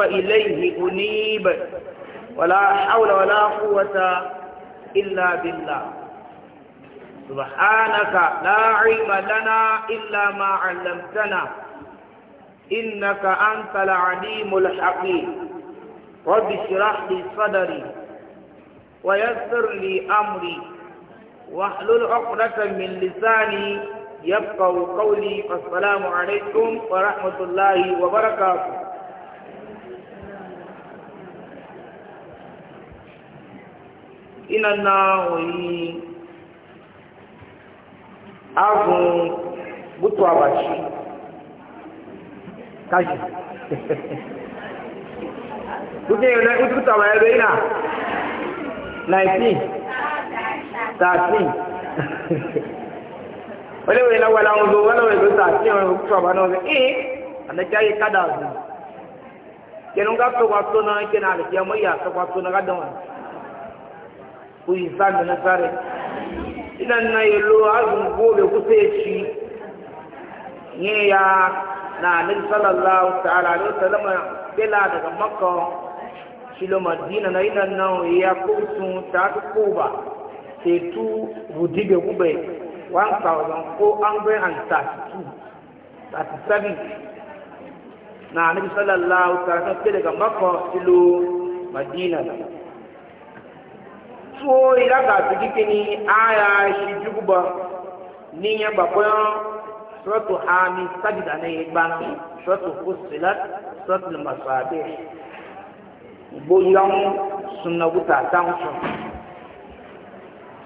وإليه أنيب ولا حول ولا قوة إلا بالله سبحانك لا علم لنا إلا ما علمتنا إنك أنت العليم الحكيم رب اشرح لي صدري ويسر لي أمري واحلل عقدة من لساني يبقى قولي والسلام عليكم ورحمة الله وبركاته iná náà wòyí ágùn bútu àbàṣì kájì bútu ìrìnà ìtútù àwọn ẹgbẹ́ iná 19 13 wọ́n lè lọ́wọ́ láwọn ọdún wọ́n lọ́wọ́ ìlú 13 ọ̀rọ̀ bútu àbà náà wọ́n ẹ̀ àdẹ́kẹ́ kádà ọ̀dùn kẹnu ká tó wa tó náà kẹnu àdẹ́kẹ́ mọ́ ìyá tó tó náà ká dánwà. ku yi zami na zare idan na yalo azun gobe kusa ya ci ne ya na nabi sallallahu ta'ala alaihi wasallam bela daga makka shilo madina na idan nan ya kusu ta kuba sai tu budibe gube 1432 37 na nabi sallallahu ta'ala daga makka shilo madina so ila ga su kike ni aya shi juguba ni ya ba ko suratu hami sajda ne bana suratu fussilat suratu masabih boyan sunna guta tan sun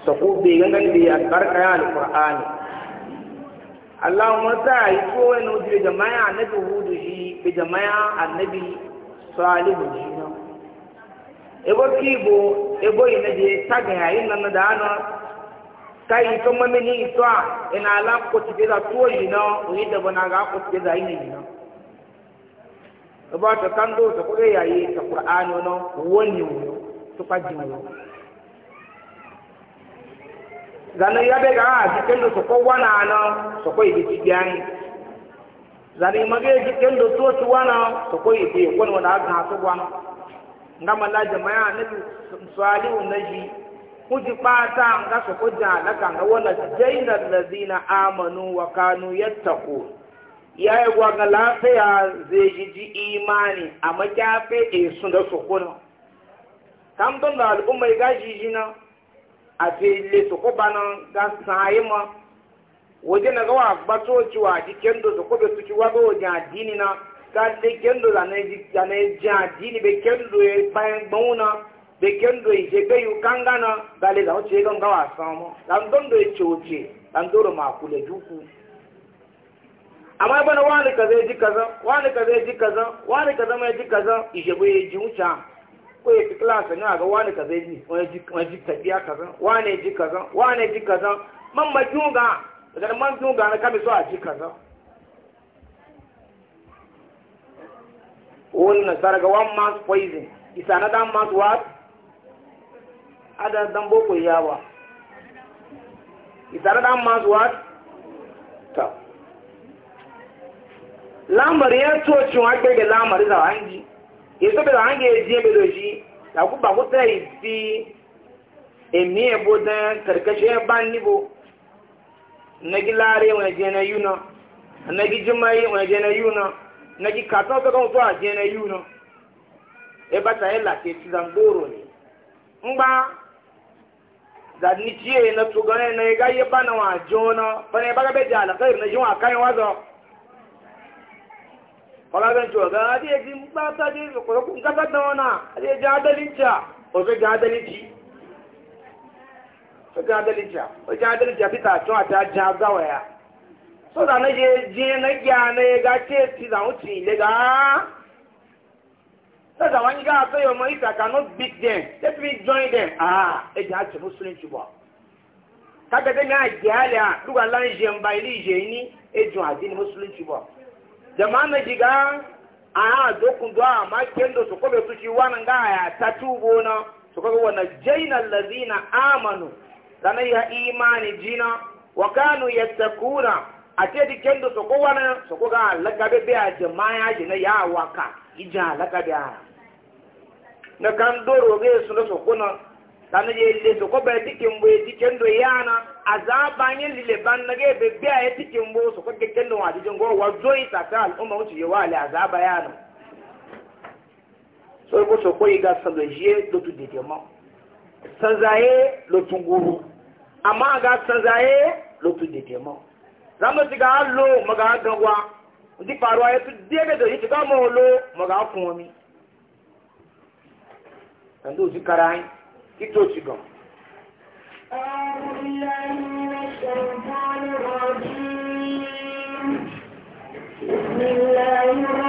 sako be gangan da albarka ya alqur'ani Allahumma sa yi so wani wajen jama'a annabi hudu shi bi jama'a annabi salihu shi ebo ki igbo ebo na je tagin na da ka yi to mami ni a ina ala kotibe da yi na oyi dabo na ga da yi na ya yi ta qur'ani no woni wo ji ya be ji to ko wana to ko ti ji to to wana to ko na ga nga mala jama'a na salihu naji kuji ta nga su kuja alaka nga wala jainar lazina amanu wa kanu yattaqu ya yi gwaga lafiya zai ji ji imani a makyafe e su da su na. kamton da al'umma ga ji na a fili su nan ga sayi ma waje na gawa batoci wa jikin da su kube su ci wago wajen addini na ga de kendo la ne ji ni be kendo e pa en gbona be kendo e je be yu kanga na ga le lawo che ga wa sa mo la ndondo e choche la ndoro ma kule juku amma bana wani kaza ji kaza wani kaza ji kaza wani kaza mai ji kaza ije be ji wuta ko ya fi klasa ni ga wani kaza ji wani ji tabiya kaza wani ji kaza wani ji kaza man ma daga man junga na kabe so a ji kaza wani nasara ga one month poison Is another dan month what ada dan boko Is another na month what ta lambar ya tocin wakil da lambar za a hangi ya da hangi ya jiye beloji da ku ba ku ta yi fi emi ebo dan karkashin ban nibo na gilare wani je na yuna na gijimai wani je na yuna na ji katon e ta kan zuwa na yi no e bata ta la ke ci zangoro ne ni e na tugane na e ga ye ba na wa jona fa ne ba ga be ja la na jiwa kai wa zo kola ben jo ga adi e ta ji ko ko ga ta da na adi ja o ga o ga o ga so da na je je na gya na ya ga ce ti da wuce le ga ta da wani ga so yo mo ita cannot beat them let me join them ah e ja ce muslim ci ba ka ga den na gya le a duga lan je mba ili je ni e ju adin muslim ci ba da ma na jiga a do kun do a ma kendo so ko be su ci wana ga ya ta tubo na so ko wana jaina allazina amanu sanaya imani jina wa kanu yattakuna ate di kendo soko wana soko ga alaka be be aje maya aje na ya waka ije alaka be a na kan doro ge su na soko na tani ye le soko be di kembo ye di kendo yana azaba nye lile ban na ge be be aje di kembo soko ge kendo wa di ngo wa joyi saka al umma uti ye wale azaba yana so ko soko iga saloje do tu de demo sanzaye lo tunguru ama ga sanzaye lo tu de demo zama ti ga lo ma ga di paro faruwa ya tu dege da yi ga mo lo ma ga kun mi kan do karai ki to ci gon بسم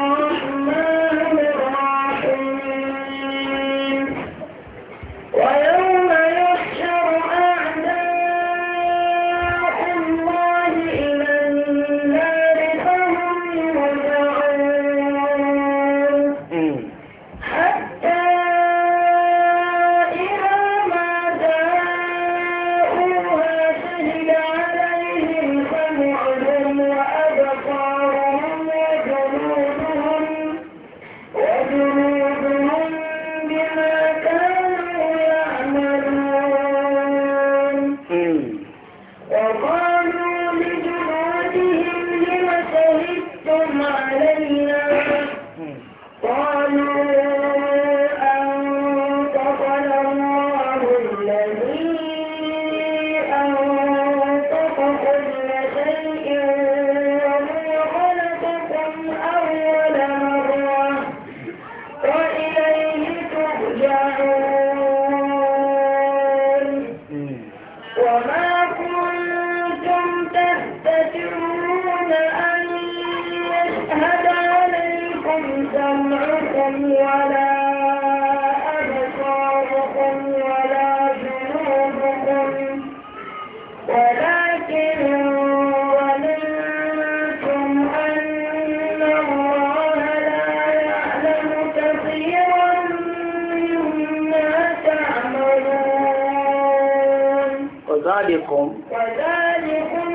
ذلكم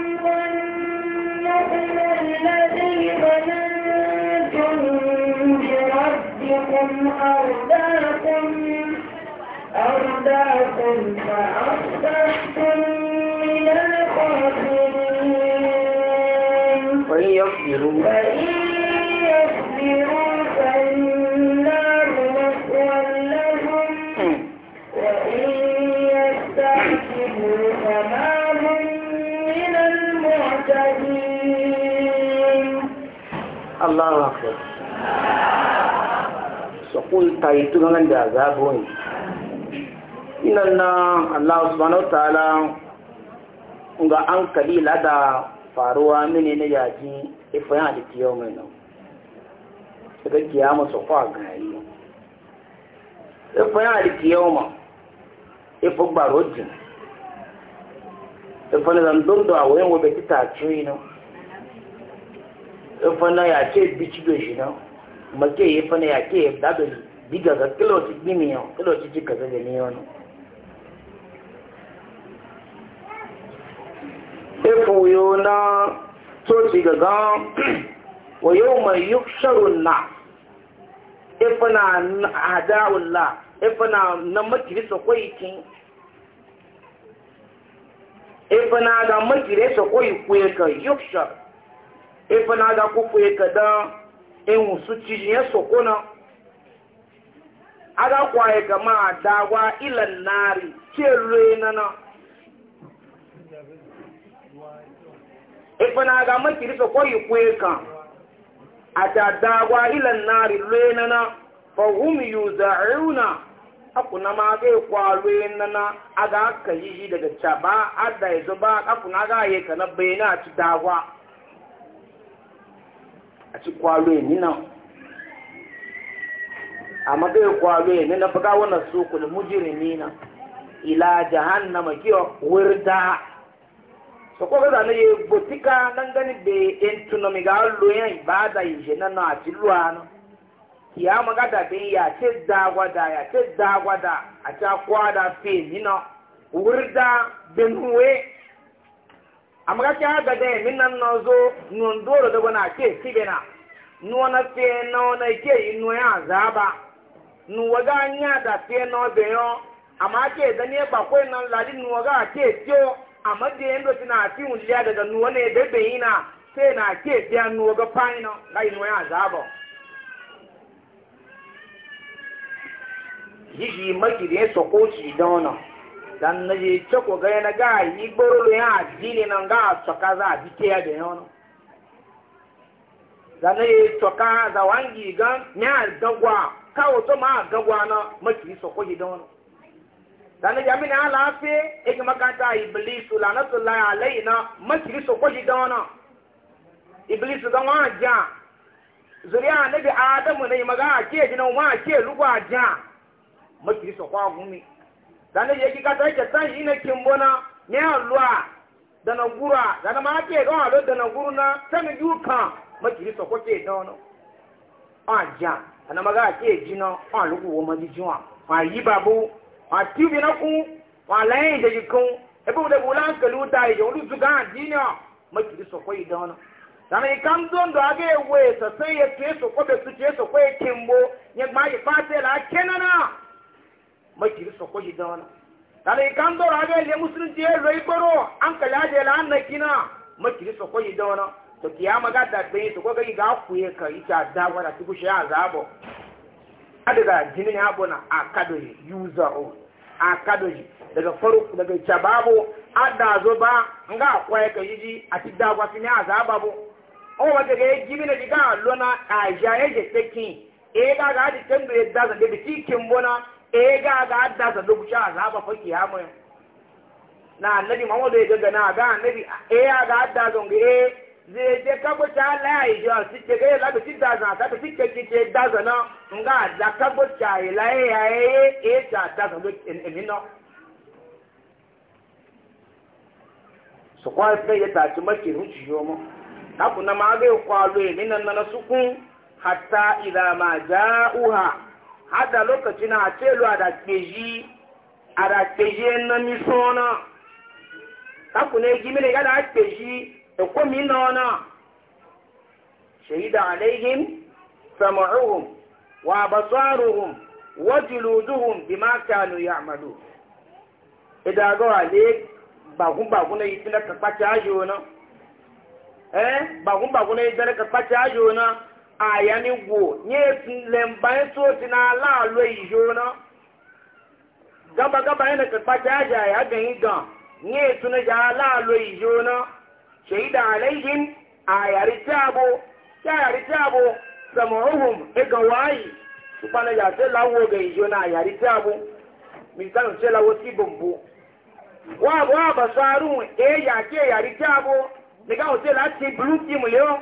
الذي بربكم أرداكم فأصبحتم من الخاسرين فإن يصبروا فإن Allahu akbar sokun tayi tunan da azabo ne inan na Allah subhanahu ta'ala ga an kalila da faruwa mini na yaji ifayan da tiyo mai nan daga kiyama su kwa gari ifayan da tiyo ma ifa gbarojin ifa na zandun da a wabe ta tace nan fana ya ce bici da shi nan make ya fana ya ke da da diga ga kiloci gini yau kiloci ji ka zaga ne wani ifu e yo na ga gaga wa yau mai yuksharun na ifina e adawun la ifina e na makiri sakwai kin ifina ga makiri sakwai kwe ka yukshar e na da kufu ya kada in su cijiyar sokona aga kwaye gama dawa ilan nari ke rena na e na ga e makiri e sokoyi kwe kan e a da dawa ilan nari rena na fahim yuza'una akuna ma ga kwalo nana aga aka yi daga caba adda ya zuba akuna ga yi kana na ci dawa a kye kwa na ya nina, ama na kwa alo ya nina bụ gaa na so kwere mujiri na ilaaja ha n'ama ike so kwa ɔ na yɛ botika na ndani bee ɛntu na ɔ lụọ ɛ ɛ baa da ɛzɛ na na ɔ ti lụọ ala. tiaa maka be yaa kye daa gwa da yaa kye daa da atya kwa fe nina ɔ wụrụ daa amagaci aga da yamin na zo nun doro da gwana ke na, nuwa na fiye na wana yi inu ya ba, nuwa ga anya da fie na obe yo amma da ne ba nan ladi nuwa ga ke tiyo amma ndị na fi wuliya nuwa na na sai na ke fiya nuwa ga fani na ga inu ya ya da dan na je ce ko ga na ga yi gboro ya addini nan ga tsaka za a bike ya da yawon dan na je tsaka za wangi gan ya gagwa kawo to ma gagwa na maki so ko gidan wani dan na jami na lafi e ga makanta iblisu lanatullahi alaina maki so ko gidan wani iblisu dan wa ja zuriya nabi adamu ne maga ke gidan wa ke lugwa ja maki so kwa gumi zane je kika ta ke san ina kimbona ne alwa da na gura da na ma ke ga alwa da na guru na san yuka makiri so ko ke dono aja ana maga ke jino an lugu wo ma jijuwa fa yi babu a tibi na ku fa lai da jikun e bu da bulan kalu da yi ulu zuga dino makiri so ko dono dana ikan don do aga ewe so sai ya ke so ko be su ke so ko kimbo ne ma yi fa la kenana makiri sokwa shi da wani tare kan dora abin da musulun ya rai baro an kala da la na kina makiri sokwa shi da wani to kiyama ga da bai to ko ga ga ku ye ka ita da wala tuku shi azabo adaga jinin abuna akado user on akado daga faru daga chababo zo ba nga kwaye ka yiji ati da o na diga lona tekin e ga ga di da da ee eh, ga ga haddasa lokaci azaba fa kiyama na annabi Muhammadu ya ga na ga annabi e ya ga haddasa ga e eh, zai je kabo ta la yi jo si ke ga la bi da za ta bi ke ke ke da za na nga da kabo ta yi la yi ya e e ta ta ga en en no so kwa fe ya ta ti ma ke hu ji yo mo ta ku na ma ga ko alu e na na sukun hatta ila ma ja'uha hada lokaci na a celu a da keji a da keji na misona kaku ne gimini ga da keji da komi na wana shahida alaihim sama'uhum wa basaruhum wa juluduhum bima kanu ya'malu idan ga wale bakun bakun na yi tun da kakpace ajo na eh bakun bakun na yi tun da kakpace ajo na ayani gwo nye etu lembayin tsoci na lalo ijo na gaba gaba yana karfa jaja ya gani gan nye etu tuna ja lalo ijo na shaida alaihin ya tabo ayari tabo samuhum ega wayi su kwana ya ce lawo ga ijo na ayari tabo misalin ce lawo si bambo wa ba basarun e ya ke yari tabo daga hotel a ti blue team leon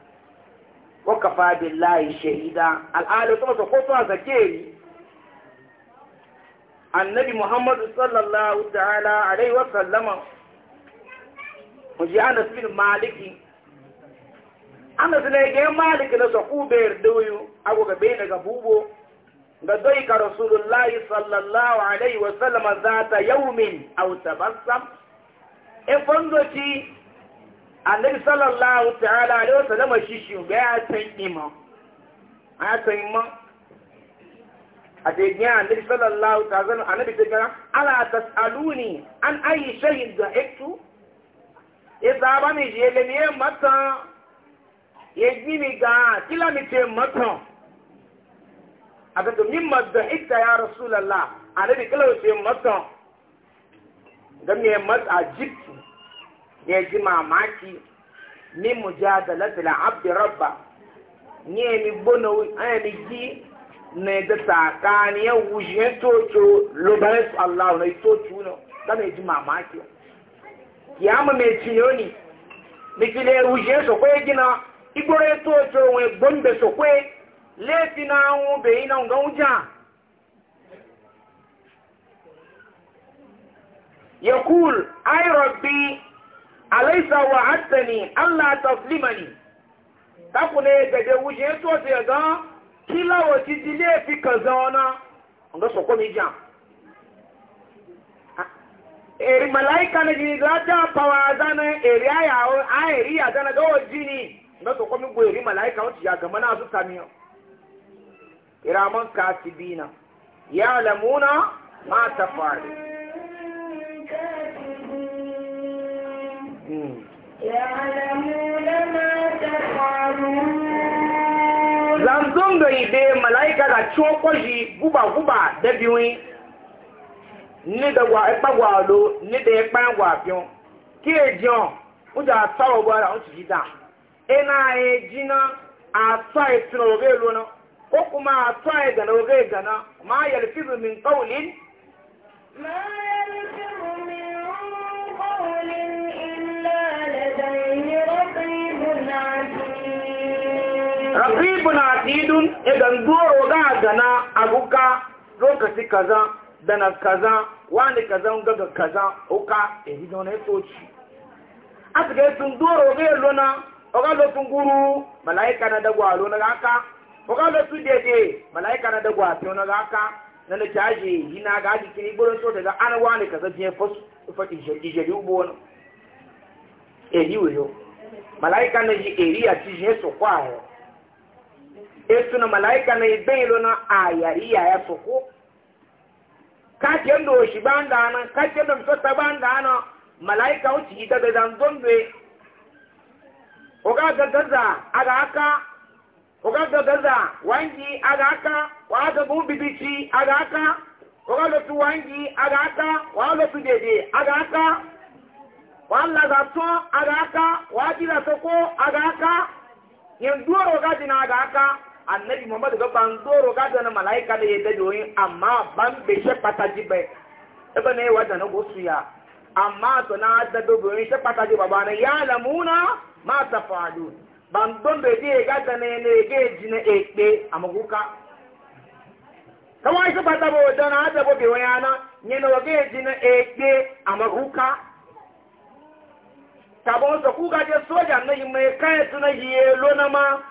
wakafa layi shahida al'adu kuma su kofa a zake annabi muhammadu sallallahu ta'ala alaihi wa sallama muji anas bin maliki An anas ne ga maliki na saku bayar doyo ago ga daga bubo ga zai ka rasulullahi sallallahu alaihi wa sallama zata yaumin aw tabassam e fondoci annabi sallallahu ta'ala alaihi wasallam shi shi ga ya san imam ya san imam a daidai annabi sallallahu ta'ala annabi ta gara ala tasaluni an ayi shay'in da iktu idza ba mi je le ne mata ye ni ga kila mi te mata abin min madda ikta ya rasulullah annabi kila ce mata ga me mata jikki ne ji mamaki min mujadalatil abdi rabba ne mi gbona an mi gi ne da tsakani ya wuje tocho lobaris Allah na tocho no da ne ji mamaki ya ama me ciyo ni mi kile wuje so kwe gina igboro tocho we gombe so kwe lefi na anwu be na nga uja يقول أي ربي alaisa wa hattani allah taslimani takune gade wuje to se ga kila wo titi le fi kaza ona nga so ko mi ja eri malaika ne ji lata pawa zana eri aya o a eri ya zana ga ojini mi go eri malaika o ti ya gama na su tamiyo kiraman katibina ya'lamuna ma Hmm. zanzondo ibe malaika da ciwon kwashi guba-guba da biyu ni da ipa gwalo ni da ipa gwafiyon ki ejiyon ujo asawo gwara otu jida eji na e asa e iti na oge elu na kuma asa igana e oge ma min ma min rafibu na atidun idan doro ga gana aguka lokaci kaza da na kaza wani kaza gaga kaza uka ehi da wani soci a su ga sun doro ga yalo na oga lo sun guru malaika na dagwa alo na gaka oga lo sun dede malaika na dagwa afi na gaka na na caje yi na gaji kiri gburin so daga an wani kaza fos biyan fasu ijeri ugbo wani ehi wuyo malaika na ji eri a cijin su kwa etuna malaika na ibeilo na ayariya ya soko kake ndo shi banda na kake ndo msota banda na malaika uchi idaga zanzondwe ogaga gaza aga aka wangi aga aka waga bubibici aga aka ogaga wangi aga aka waga dede aga aka wala ga to aga aka wajira soko aga aka yanzu aga aka annabi muhammadu ga ban doro ga da malaika da yadda doyin amma ban be she pataji be ebe ne wa da na gosu ya amma to na da dogoyin she pataji baba na ya lamuna ma tafalu ban don be je ga da ne ne ge jina ekpe amaguka kawai su fata bo da na da bo be wayana ne no ge jina ekpe amaguka kabo so ku ga je soja na yi mai kai tuna yi lona ma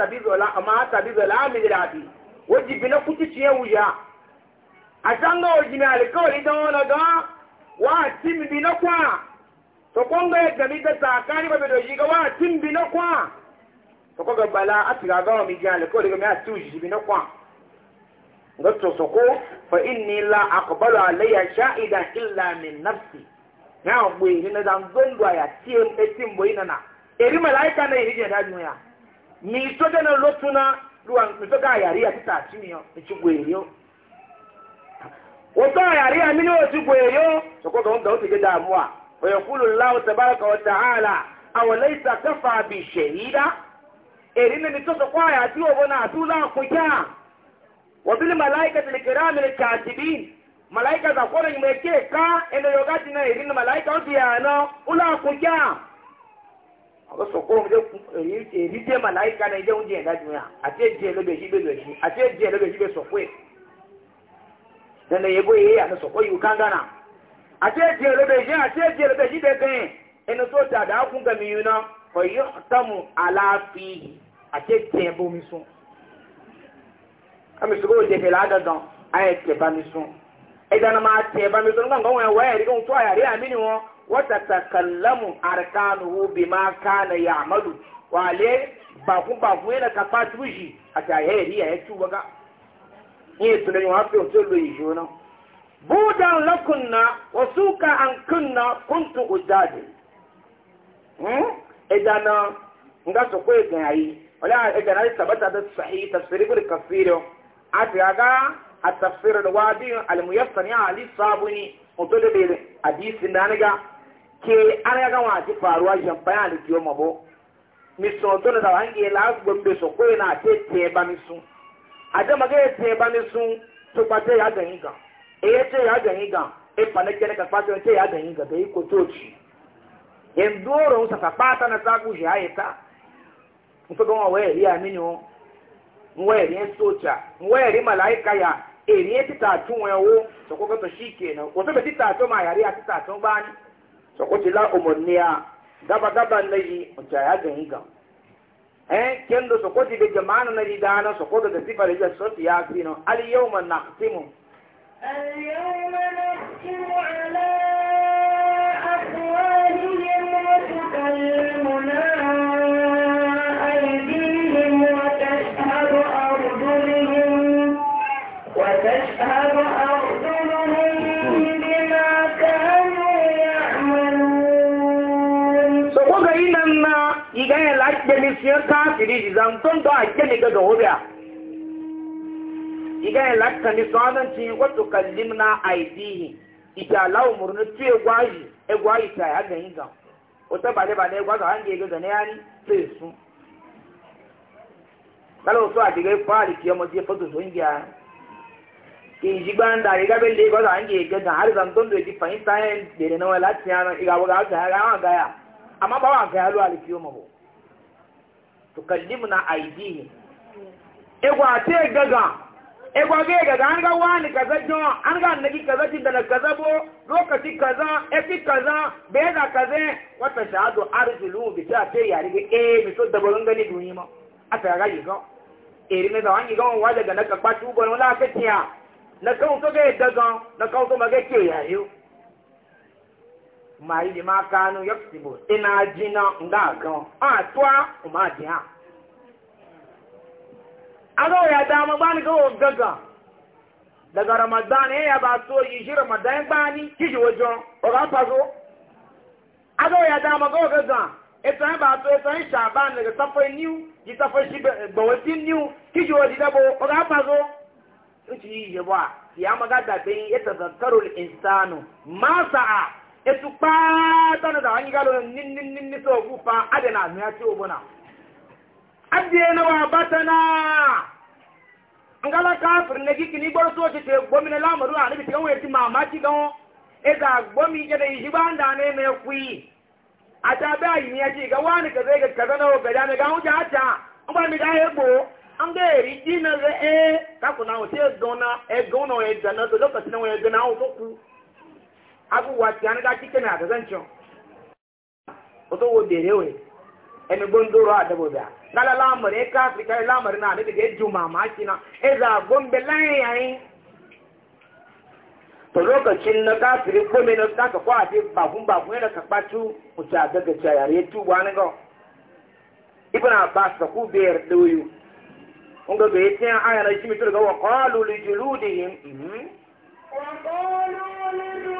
tabizola amma tabizola amira bi waji bi na kuti ciye wuya a can ga waji mai alkawari don wani ga wa tim bi na kwa to kon ya gami da tsakani ba da shi ga wa tim bi na kwa to ko ga bala a tiga ga wa mi ji alkawari ga mai a ci bi na kwa ga to so ko fa inni la aqbalu alayya shaida illa min nafsi na gbe ni na dan dondo ya tim etim boyina na eri malaika na iri je da duniya mi to dana lotuna ruwan mi to ga yari ya tita ci miyo mi ci gweyo wato yari ya mini wa ci gweyo so ko ga wanda wuce damuwa wa yaqulu allah tabaraka wa ta'ala aw laysa kafa bi shahida erin mi to so kwa ya ti obona atula ko kya wa bil malaikati alkiram alkatibin malaika za kora ni meke ka endo yogati na erin malaika o ti ya no ula ko kya àwọn sọ̀kọ́ ọmọdé èyí dé màláìka náà ìjẹun díẹ̀ dájú yà àti èjì ẹ̀ lóbẹ̀ yíbẹ̀ lọ sí àti èjì ẹ̀ lóbẹ̀ yíbẹ̀ sọ̀kọ́ ẹ̀ nana yẹbo yẹ àti sọ̀kọ́ yìí kángánà àti èjì ẹ̀ lóbẹ̀ yíbẹ̀ àti èjì ẹ̀ lóbẹ̀ yíbẹ̀ gẹ̀yìn ẹni tó ta àdá kún gàmì yìí ná ọ̀yọ́ tàmù aláàfin àti èjì ẹ̀ bomi sùn àmì sọ̀kọ́ òjèjì ládàdàn ayẹ̀ tẹ̀ bami sùn ẹ̀dá وتتكلم أركانه بما كان يعمل وعليه باكو باكو هنا كفات وجي أتا هي هي هي توبك هي تنين وحفي وتلو يجونا بودا لكنا وسوكا an kunna kuntu أجادل إذا أنا nga sokwe gayi wala idan ai sabata da sahih tafsir ibn kasir atiaga at-tafsir al-wadi al-muyassar ya ali sabuni mutolebe hadisi nanaga ke an ya gama ji faruwa jamfani alikiyo mabo misun to na zawan ke la gbogbo so ko na te te ba mi sun ada ma ke te ba mi sun to pa te ya ga yin ga e te ya ga yin ga e pa ne kene ka pa te ya ga yin ga be ko to chi en duro sa ka pata na sa ku ja eta nto goma we ri a minyo nwe ri en socha nwe ri malaika e ya eri e ti ta tun we wo so ko ko to shi kenan ko to be ti ta to ma ya ri a ti ta to ba ni so ko ti la umunniya gaba gaba nayi o ta ya gani ga eh kendo so ko ti de jama'an na ridana so ko da sifar ya so ti ya fino al yawma naqtimu al yawma naqtimu ala iga ya la gbemi siyan kafiri izan don don a gemi ga ga hobiya iga ya la kani sanan ci wato kallimna aidihi ita la umurnu ti e egwaji egwaji ta ya ga yin ga wata bale bale egwaji an ga ga ne yani sai su kala so a diga fari ki mo je fatu so ingia ki jigban da ga be le ga an ga ga har zan don do ji fahimta en de ne wala tiyana iga ga ga ga ga ya amma ba wa ga yalo alikiyo mabo tukallimna aidihim egwa te gaga egwa ge gaga an ga wani kaza jo an ga annabi kaza ti da kaza bo lokaci kaza efi kaza be da kaza wata shahadu arjulu bi ta te ya rige e mi so da bolon gani duniya ma ata ga yi ga eri ne da wani ga wa daga na ka kwatu bo na ka tiya na kan so ge daga na kan so ma ke ya yau ma yi di ma kanu yaksibu ina e jina nga gan a tuwa ma di ha aga ya da ma bani ga gaga daga ramadan e ya ba so yi shi ramadan e bani kiji wajo ọ ga fazo aga ya da ma ga gaga eto ba so eto in shaban daga safai new ji safai shi ba wasi new kiji wajo da bo ọ ga fazo uci yi ba ya maga da bin ya tazakkaru al-insanu ma sa'a etu kpata da anyị galo nninninni so ogufa adị na amịa ti ogbona adịghị na wa bata na ngala kafir na giki ni gboro so ti gbomi na lamaru a nibi ti gawo ti mama ti gawo e ga gbomi je da yi ba nda ne me kuyi ata ba yi ni ati ga wani ka zai ga kaza na ga da ne ga uja ata an ba mi da he bo an ga ri ji na re e ka ku na o te dona e gono e na we gana o to ku abubuwa ti an da na da zancin wato wo dere we emi a adabo da kala lamare ka afrika lamare na da ga ju ma kina eza gombe lanyi yayi to lokacin na ka ko me na ka kwa ti babun babun yana ka patu uta daga tayare tu wani go ibn abbas ku biyar doyu ga yake aya na shi ga wa qalu li juludihim qalu li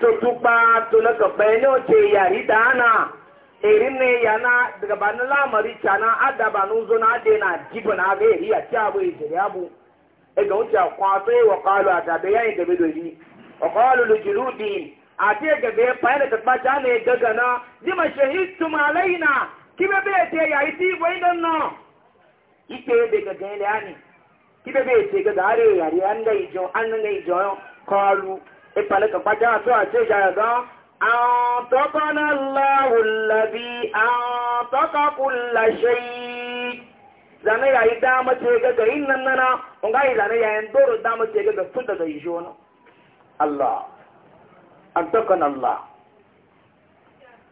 tutukpa tunaka bayano ce yari dana irin e ne yana daga ba na lamari cana adaba nuzo na ade na jibo na e e ga iri a ci abu ijiri abu ega wuce a kwato yi wa kalu a tabe yayin gabe dori wa kalu lujuludi a ce gabe ya fayar da tabbata ne gagana jima shahistu malaina kibe bai ce yayi ti bai don nan ike ebe gani ne kibe bai ce gaga are yari an ga ijo an ga ijo kalu ìpàlẹ̀ kọ̀pájá àtọ́ àti ìjà ẹ̀dọ́ àtọ́kọ́nà láwùlàbí àtọ́kọ́kùnlà ṣe yìí zanaya yi dama ce gaga yin nan nana unga yi zanaya yin doro dama ce gaga tun daga yi jona Allah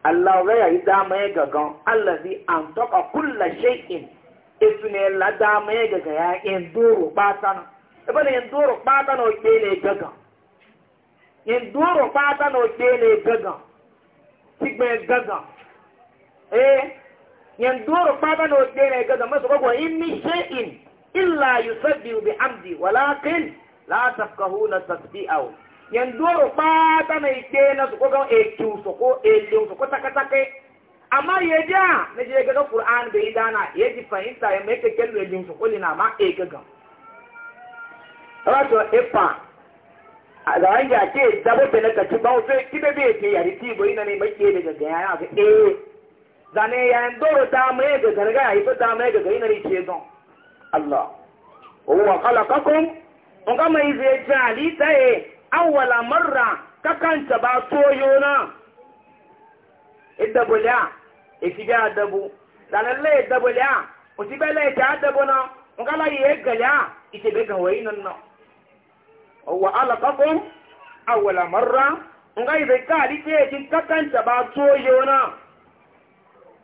Allah yi ne la gaga induro fata na okele gagan sigbe gagan eh induro fata na okele gagan masu kwakwa inni shay'in illa yusabbihu bi amdi walakin la tafkahuna tasbi'ahu induro fata na ike na su kwakwa ekiu su ko eliu su ko takatake amma yaji a na je gagan qur'an bai dana yaji fahimta ya mai kekelu eliu su ko lina ma e gagan Rato epa zaman ya ke zaba da na kaci ba wasu kibe bai ke yari ti bai na ne maƙe da gaga ya ga eh zane ya yan doro ta mai ga zarga ya haifa ta mai ga gari na ne ce don Allah wa khalaqakum on ga mai zai jali taye awwala marra kakanta ba toyo na idda bulya ifi ga dabu zane le dabu ya o ti bele ta dabu na on ga la ye ga ya ite be ga wai nan na wa alaqakum awwala marra ngai be kali ke kin kakan ta ba to yona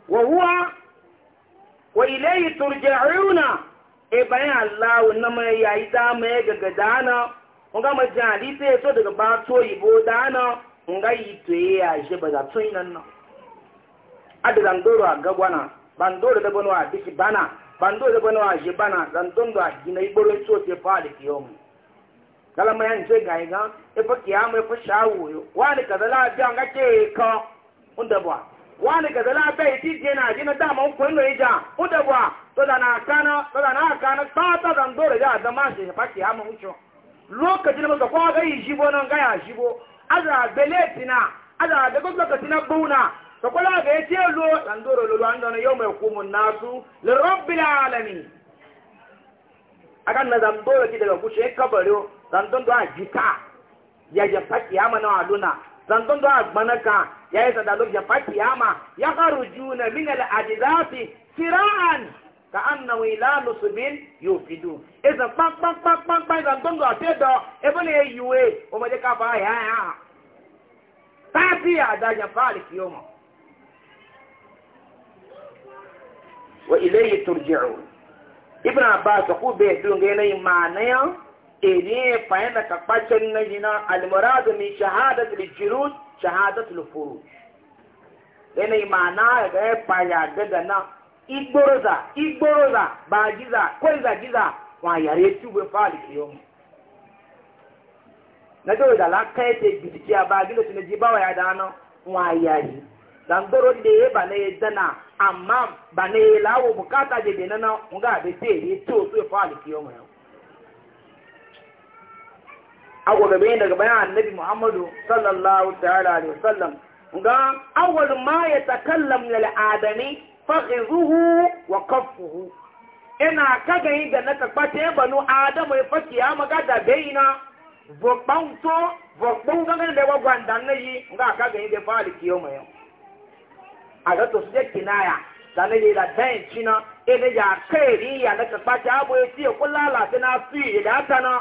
wa huwa wa ilayhi turja'una e bayan Allah na mai yayi da mai gaga dana nga ma jali te to daga ba to bo dana ngai te ya je ba za to yinan na adadan doro ga gwana bandoro da bano a biki bana bandoro da bano a je bana dan tondo a gina iboro to te fa da kiyomu kala ma yan ce ga igan ifa kiyama ifa shawo yo wani kaza la biya ga ke ka unda bwa wani ka la biya ti je na je na da ma ko no ija unda bwa to da na kana to da na kana ta ta dan dore ga da ma shi fa kiyama ucho lokacin da ka kwa ga yi jibo nan ga ya jibo aza beletina aza da gogo ka tina buna to kula ga yace lo dan dore lo an dana yau mai kumun nasu lirabbil alamin akan na zamboro ki daga kushe kabaro zandon da jika ya ya faki ya mana aluna zandon da gbanaka ya yi sadalo ya faki ya ma ya karu juna min al'adizati sira'an ka annahu ila lusubin yufidu ezan kpankpankpankpankpan zandon da te dɔ ebe ne yiwe o ma de ka fa ya ya taati ya da ya fa alikiyoma wa ilayhi turji'un ibn abbas ko be dunga yanayin ma'anayan ene ka kakbacin na jina almuradu min shahadat lijirun shahadat lufuru yana imana ga ya faya daga na igboroza igboroza ba giza ko iza giza wa yare tuwe fali kiyo na dole da lakai te bidikiya ba gina tuna ji bawa ya dano wa yayi dan doro da ya ba na ya dana amma ba na ya lawo bukata je benana nga be te ya to tuwe fali kiyo mai agwaga bayan daga bayan annabi muhammadu sallallahu ta'ala alaihi wasallam ga awwal ma ya takallam min al'adami fakhizuhu wa kaffuhu ina kaga yi da naka kwata banu adamu ya faki ya maga da bayina vokpan to vokpan ga da wa gwanda na yi ga kaga yi da fali kiyo mayo aga to suje kinaya sani yi da benchina ina ya kai ya kakpa ta abu ya tiye kullala na fi da tana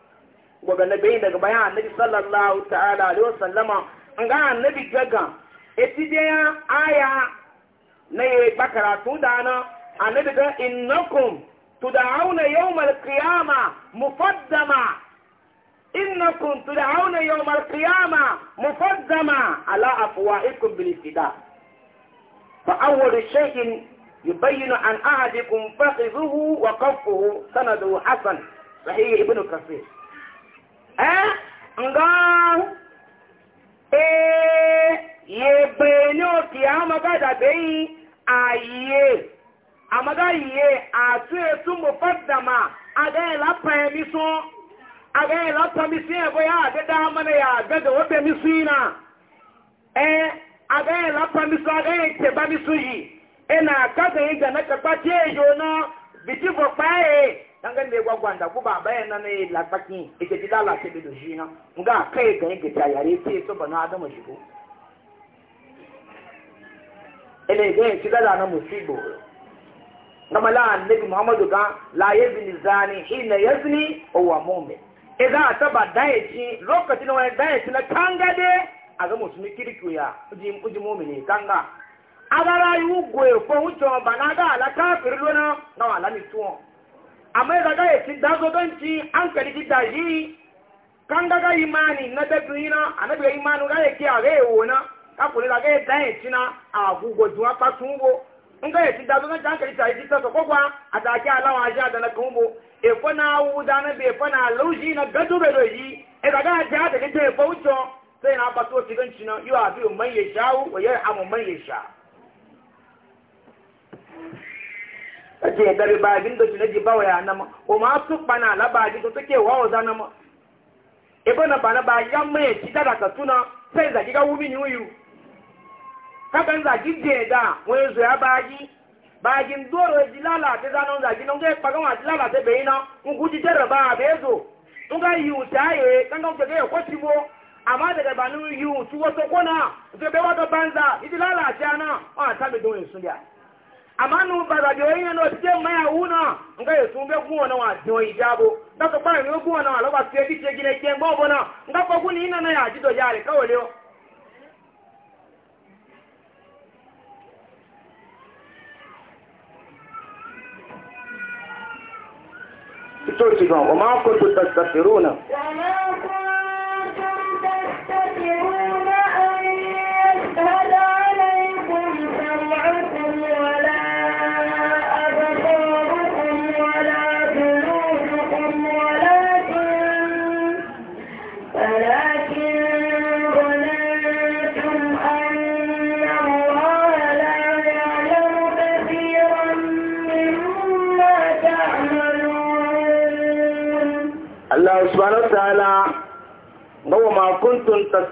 gobe na bayin daga bayan annabi sallallahu ta'ala alaihi wasallama an ga annabi gaga eti da ya aya na yi bakara tun da na annabi ga innakum tud'auna yawmal qiyama mufaddama innakum tud'auna yawmal qiyama mufaddama ala afwahikum bil istida fa awwalu shay'in يبين عن أحدكم فخذه وقفه سنده حسن صحيح ابن كثير eh nga ee eh? yegbe ní òkè amagadabe yi ayie amagayie atu etu mufadama agaghị lapa ya agaghị lapa miso ya bụ ya eh? e e yi e na ee agaghị lapa agaghị keba miso yi ị na dangan mai gwagwanda guba bayan na ne latsaki ita ji lalace da shi na ga kai ga ta yare ce so bana adama shigo ele ga na musibo kama la muhammadu ga la yazni zani hina yazni huwa mu'min idan taba dayaci na a ga musulmi kirki ya uji mu'mini kanga agara na ala kafir lona na wala amma ya zaga ya ci don ci an kari gida kan daga imani na daga yi na a na imani ga ya a ga ewo na ka kuli daga ya dan na a gugu juwa ta tumbo in ga ya ci an yi ta sako kwa a ta alawa shi da na kumbo e fana na bai fana na gado bai do yi e daga ya na bato ci ganci na yi wa biyu man ya shawo wa yi amu ya ake dari bagin da tunaji bawa ya nama o ma su bana la baji to take wawo za nama e bana bana ba yan mai ci da ka tuna sai za ki ga wumi ni uyu ka ban za ki je da wai zo ya baji bagin doro e ji lala te za non za ki non ga paga wa ji lala te be ina un ku ji tare ba be zo un ga yu taye kan ga ke ko ti bo amma daga banu yu tuwo to kona ze be wa do banza idi lala ta na a ta be don e sun ya Amanu nu ba za ga wani no tije mai awuna nga yesu be guwo na wa do ijabo da ko ba ni guwo na lo ba tije tije gile na gbo bona nga ko kuni ina na ya jido yare kawole o Ito ti gan, wa ma kuntu tastaghfiruna.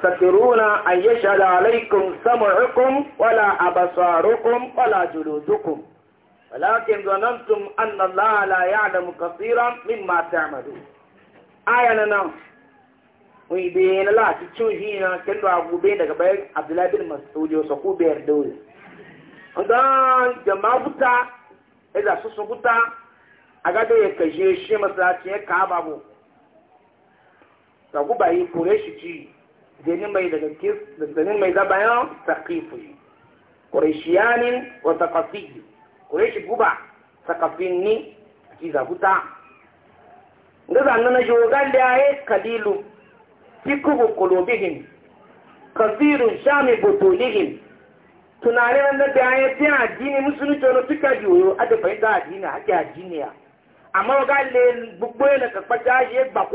tastakiruna an yashhada alaykum sam'ukum wala absarukum wala juludukum walakin zanantum anna Allah la ya'lamu kaseeran mimma ta'malun ayana nan wai da yana lati cuhi na kendo agube daga bayan Abdullahi bin Mas'ud yo sako bayar dole dan jama'a buta idan su su buta aga da ya kashe shi masallaci ya ka babu ta gubayi kure shi ci ganin mai daga ganin mai zabayan saqifi qurayshiyanin wa saqafi qurayshi guba saqafin ni zabuta ngaza nan na jogan da kalilu tikubu qulubihim kasirun shami butulihim tunanin wanda da ayi tin addini musulunci no tuka yoyo ada fahimta addini hake addini ya amma ga le gbogbo ba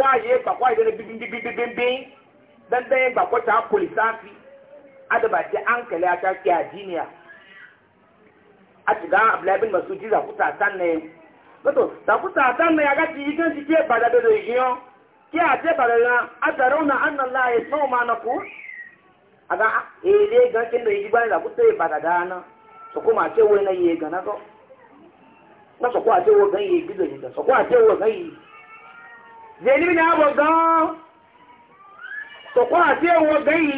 ba bibin bibin bibin dan ɗaya ba kwata hakuli safi adaba ce an kale a tafi a jiniya a shiga abulabin masu ji za kuta san na yi wato za kuta san na ya gaci yi kan shi ke ba da dodo yi yau ke a ce ba da yana a tarauna an nan laye sau ma na ku ga ele eh, gankin da yi bayan za kuta yi ba da dana su na yi gana na su kuwa ce wai gan yi gizo yi da su kuwa ce wai gan yi zai bi na abu gan sọ̀kọ́ àti ẹ̀wọ̀ gẹ́yì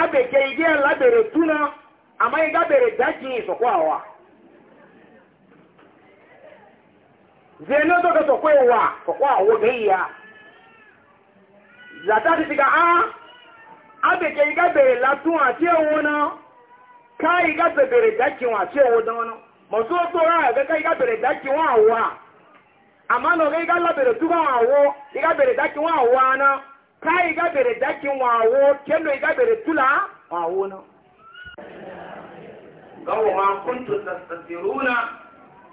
abeke ìdí ẹ̀ lábẹ̀rẹ̀ túná àmọ́ ẹ̀gá bẹ̀rẹ̀ dájì sọ̀kọ́ àwà. zeno dɔkɛ sɔkɔ yi wa sɔkɔ ya zata ti tiga a abɛkɛ yi ka bere latun ati na ka daki wɔn ati ewo na ka yi ka a ama na ọ ka ka labere ka bere daki kai ga bere dakin wawo kello ga bere tula wawo na gawo ma kuntu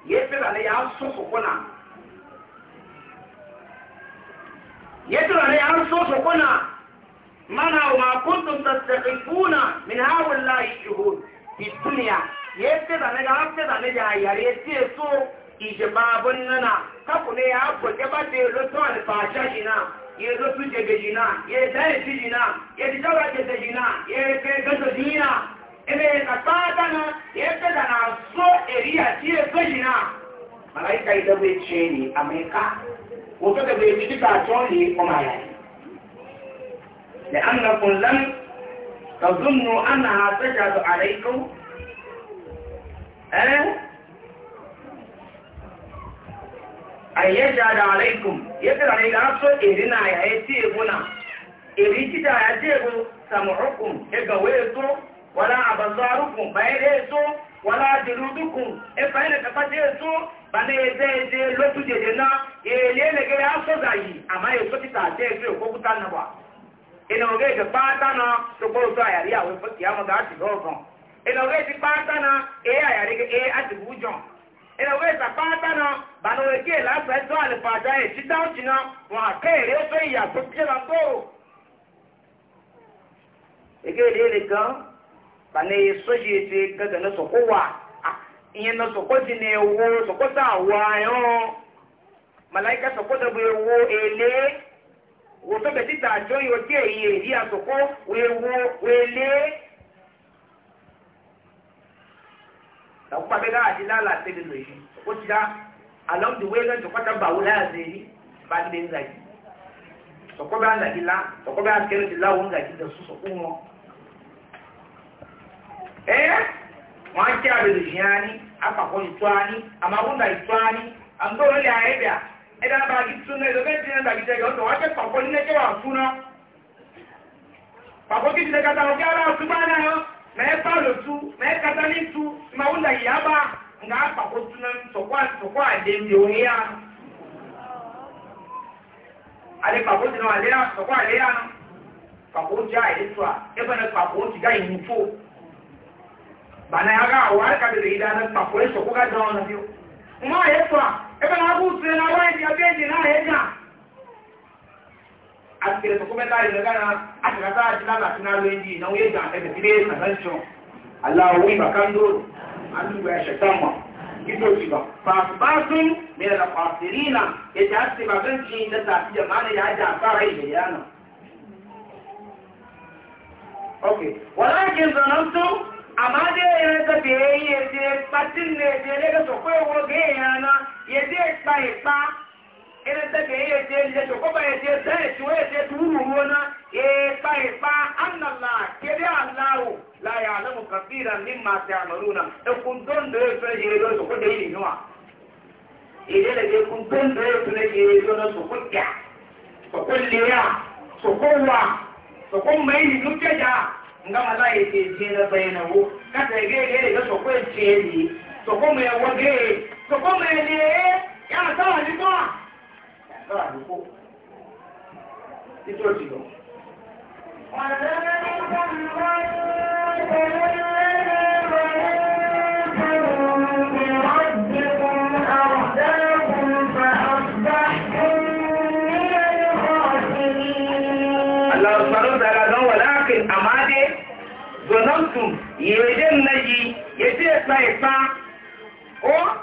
fi da ne ya so su kuna yadda ne ya so su kuna mana ma kuntu tastasiruna min hawul lahi shuhud fi dunya yadda ne ga da ne ya yare ce so ijibabun nana kafu ne ya buke ba da loton alfashashi na yezo tujege jina yedaye tijina yeditaba jete jina yeke gato jina ene yekapatana yepetana so eriya tie pejina malaika idabwe cheni ka wotoke bwemitita atoli omayai لأنكم لم تظنوا أنها تجد عليكم أه؟ ayyada da alaikum yadda da ila so eri na ya eti ego na eri ti da ya ti ego e ega we so wala abasarukum bayre so wala dirudukum e bayre ka pate so bane eze eze lotu dede na ele le ke zayi ama e so ti ta te so ko kuta na wa ina oge ke pata na so ko ayari awe fo ya amaga ti go gan ina oge ti pata na e ayari ke e ati bujon ina weza pata na banawekee labda hizo alipataye sitauti na wakere ofe ya kupitia ngoro ege lele ga bane soji ete gaga na soko wa iye na soko ji na ewo soko ta wa yo malaika soko da ewo ele wo to betita ajo yo ke iye ri asoko wo ewo wo ele ta kuma bai gawa ji lalace da zai shi ko ci da along the way ganci kwata ba wula ya zai yi ba ni bai zaki ta kuma bai zaki la ta kuma bai kere ji lawun zaki da su su kuma eh ma ki a bai zai yani aka kwani tuwani amma wunda yi tuwani an zo wani a yabiya idan ba ki suna idan bai tinan da ki ce ga wata wata kwakwani na kewa mee palo tu mee ma ya ba nga akpako na nsokwa nsokwa ade mbi ohe ya ale kpako na ale ya ya tu a ye tu a ebe na kpako tu ga ihu fo bana ya ga awa na kpako ye ga na bi o ma ebe na abu tu na awa ye ti a eji na agbèrè tó kọ́mẹ́ta ìlẹ́gára àtìkátá àti lábàtí náà ló ń di ìnáwó yẹ́jà ẹgbẹ̀tílé sàlẹ́sàn aláwọ̀ ìbàkándò alúgbà ẹ̀ṣẹ̀tàmà ìdòjìbà pàtàkùn mẹ́rẹ̀ pàtìrínà ètà àti bàbẹ́ǹkì nẹ́ta àti jẹ̀mánì yájà àfára ilẹ̀ yánà wọ́lákin zanantu àmàdé ẹ̀rẹ́ tẹ̀bẹ̀ èyí èdè pàtìrínà èdè ẹlẹ́gẹ̀sọ̀kọ́ ìwọ̀gẹ̀ ìyànà èdè ìpa ìpa irin ta ke iya ce ya ce kuma ya ce sai ci waya ce turu ruwana e kai fa e annalla ke da allahu la ya alamu kafiran mimma ta'maluna da kun don da ya sai ya don su kudi ni nuwa ile da ke kun don da ya sai ya don su kudi ko kulliya ko kowa ko kun mai ni duke da ngama la ya ce ce da bayanawo kada ya ga ya náà àdúgbò títí òjì lọ. Allah subhanahu wa ta'ala don walakin amade zonantum yeden naji yace sai fa o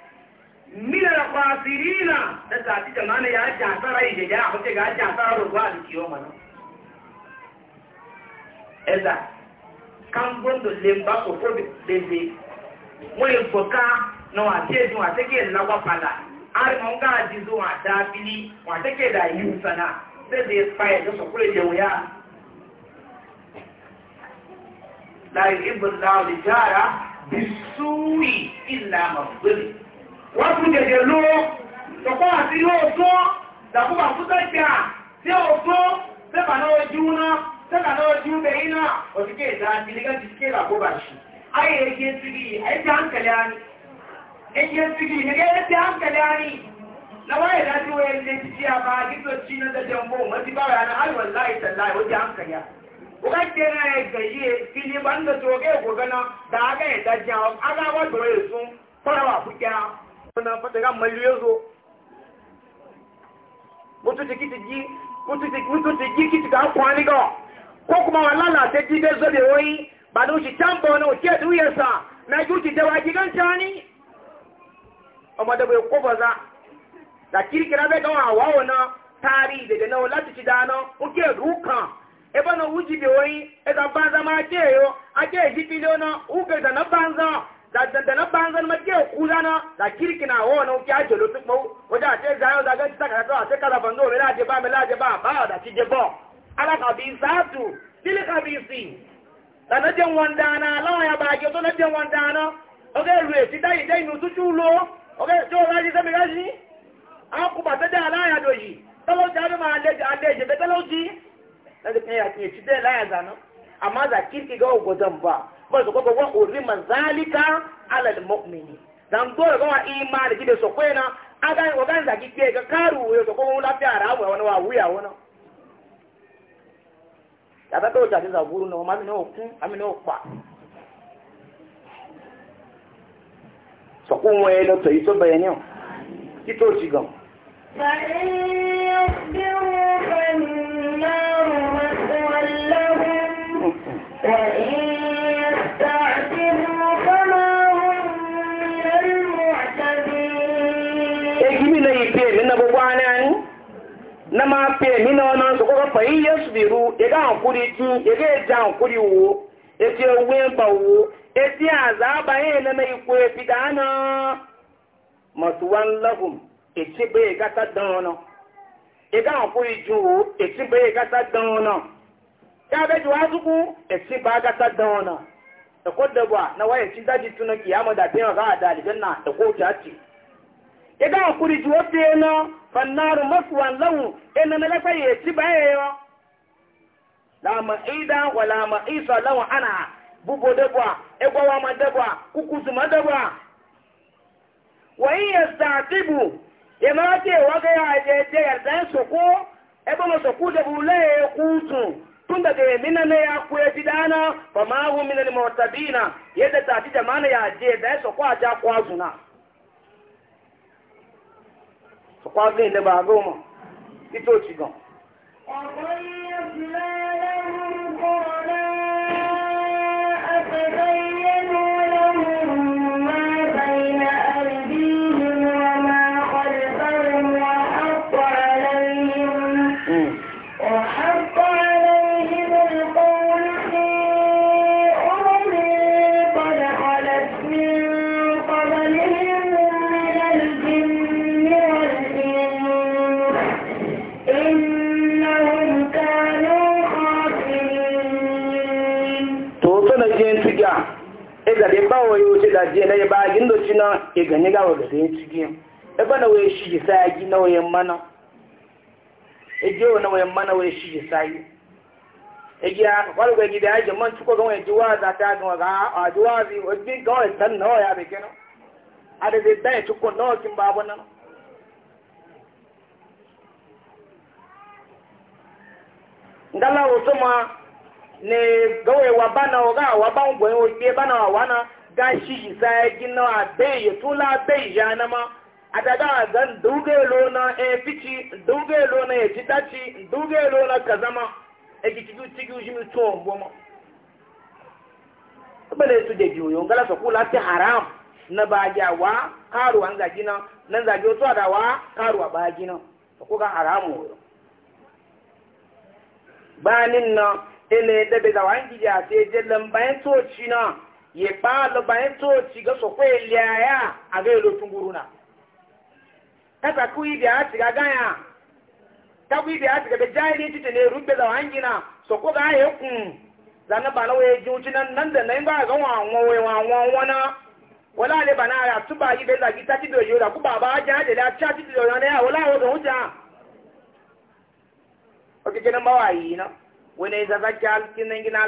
mina na siri na tafi jamanu ya ji asara ije ya ga ji asara ruwa da kiyo mana ẹ̀dà káńgbọ́ndò lè bá kòkó bèbè wọ́n yẹ na wà tí èdè wà tẹ́kẹ̀ lọ́wọ́ nga àrùn ọ̀gá àdìzó wà dá bílí wà tẹ́kẹ̀ dà yìí sànà bèbè pa ẹ̀jọ́ sọ̀kúrò ìjẹ̀ wòyá. wọ́n tún jẹ̀jẹ̀ lóró tọ̀pọ̀ àti yóò tó dàkúbà fúnṣẹ́ ìjà tí ó tó sẹ́bà náà jú náà sẹ́bà náà jú bẹ̀yìn náà òsìké ìdá ìlẹ́gẹ́ ti ké làkóbà ṣì ayé ẹgbẹ́ sígi ẹgbẹ́ àǹkẹ̀lẹ́ ani ẹgbẹ́ sígi ẹgbẹ́ àǹkẹ̀lẹ́ ani lọ́wọ́ ìdá tí wọ́n ẹgbẹ́ ti ṣe àbá gígbó tí iná dẹ́dẹ́ ń bọ̀ wọ́n ti bá wà ní ayọ̀ láì tẹ̀láì ó jẹ́ àǹkẹ̀lẹ́ wọ́n ti rẹ̀ ẹgbẹ́ yìí fili bá ń lọ sí ọgẹ́ ìwògánná dàágẹ́ ìdájá ọgá wọ́n dọ̀rọ̀ èso kọ́ra wà fúkẹ́ na fata ga maliyezo mutu mutu mutu kiti ga kwani ga ko kuma walala ta ji da zobe wai ba da na ke duye na juti da waji gan tani amma da bai ko baza da kirkira ga na tari daga na lati ci dano uke ruka e bana e da banza ma yo na uke da na banza da dandana ma make kula na da kirki na ho na kya jelo tuk mo wada te zayo da ga tsaka to a tsaka da bando me laje ba me laje ba ba da ti je bo ala ka bi zatu bil khabisi da na je wanda na la ya ba je to na je wanda na o ga ru e ti dai dai nu tuju lo o ga to la ji se me ga ji a ku ba ta da la ya do yi to lo ja ma le ja le je be to lo ji da ke ya ti ti de la ya za no amma za kirki ga ogodon ba ba su kwakwa wa urima zalika alal mu'mini dan dole ga wa imani gide so kwena aga wa gan da gide ga karu yo so ko la piara wa wani wa wuya wona ya ba to ta tin za guru no ma mi no kun ami no pa so ko mo e lo to iso bayani ki to ci na ma pe mi na wana so ko pa yi yesu biru e ga ti e ga ja hankuri wo e ti owe wo e ti azaba yin e na na iko e bi dana matuwan lahum e ti be e ga ta dan na e ga hankuri ju wo e ti be e ga ta dan na ya be ju azuku e ti ba ga ta dan na e ko da ba na waye ti daji tuna kiyama da tin ga da aljanna e ko idan akuri ji wata yana fannaru mafuwan lahu ina na lafa ya ci baya yawa la ma'ida wa la ma'isa lahu ana bubo dabwa egwawa ma dabwa kukusu ma dabwa wa in yastatibu ya ma ce waga ya je je yarda su ko e ba su ku da bule ya kutu tun daga yamina ne ya ku ya ji dana fa ma hu min al mu'tabina yadda ta ti jama'a ya je da su ko a ja na. sọ̀kọ́ gbé ilẹ̀ bàbá ọmọ títí òtí gan. ọ̀pọ̀ yẹn fúnra gaje na ba gin do cina e gani ga wa gare ciki e bana we shi sa gi na wayan mana e je na wayan mana we shi sa yi e gi a kwalu ga gi da aje man tuko ga wayan jiwa za ta ga ga a jiwa bi o bi ga wayan tan no ya be kenan a da zai dai tuko no kin babu nan ngala usuma ni gawe wabana oga wabangwe oje bana wana ga shi sa ya gina wa bai ya tula bai ya nama a daga zan duge lona e fici duge lona ya e ci taci duge lona ka zama a e ki tigi tigi ji mi to goma bale su de juyo ngala so kula ti haram na ba ja wa karu an zagi gina nan zagi to da wa karu ba gina ko haram haramu banin na ele da bai da wangi ja sai jellan bayan toci na ye ba da bayan toci ga sokwa iliyaya a ga ilotun guruna kasa kuyi da ya shiga gaya ta kuyi da ya shiga na jahili titi ne rubbe da hangina sokwa ga ya kun e ba na waye jiwuci na nan da nan ba ga wanwa waye wanwa wana wala le bana ya tuba yi be zagi ta tido yo da ku baba ja de la cha tido yo ya wala wo don ja o ke kenan ba yi na wani zaga kyal kinan gina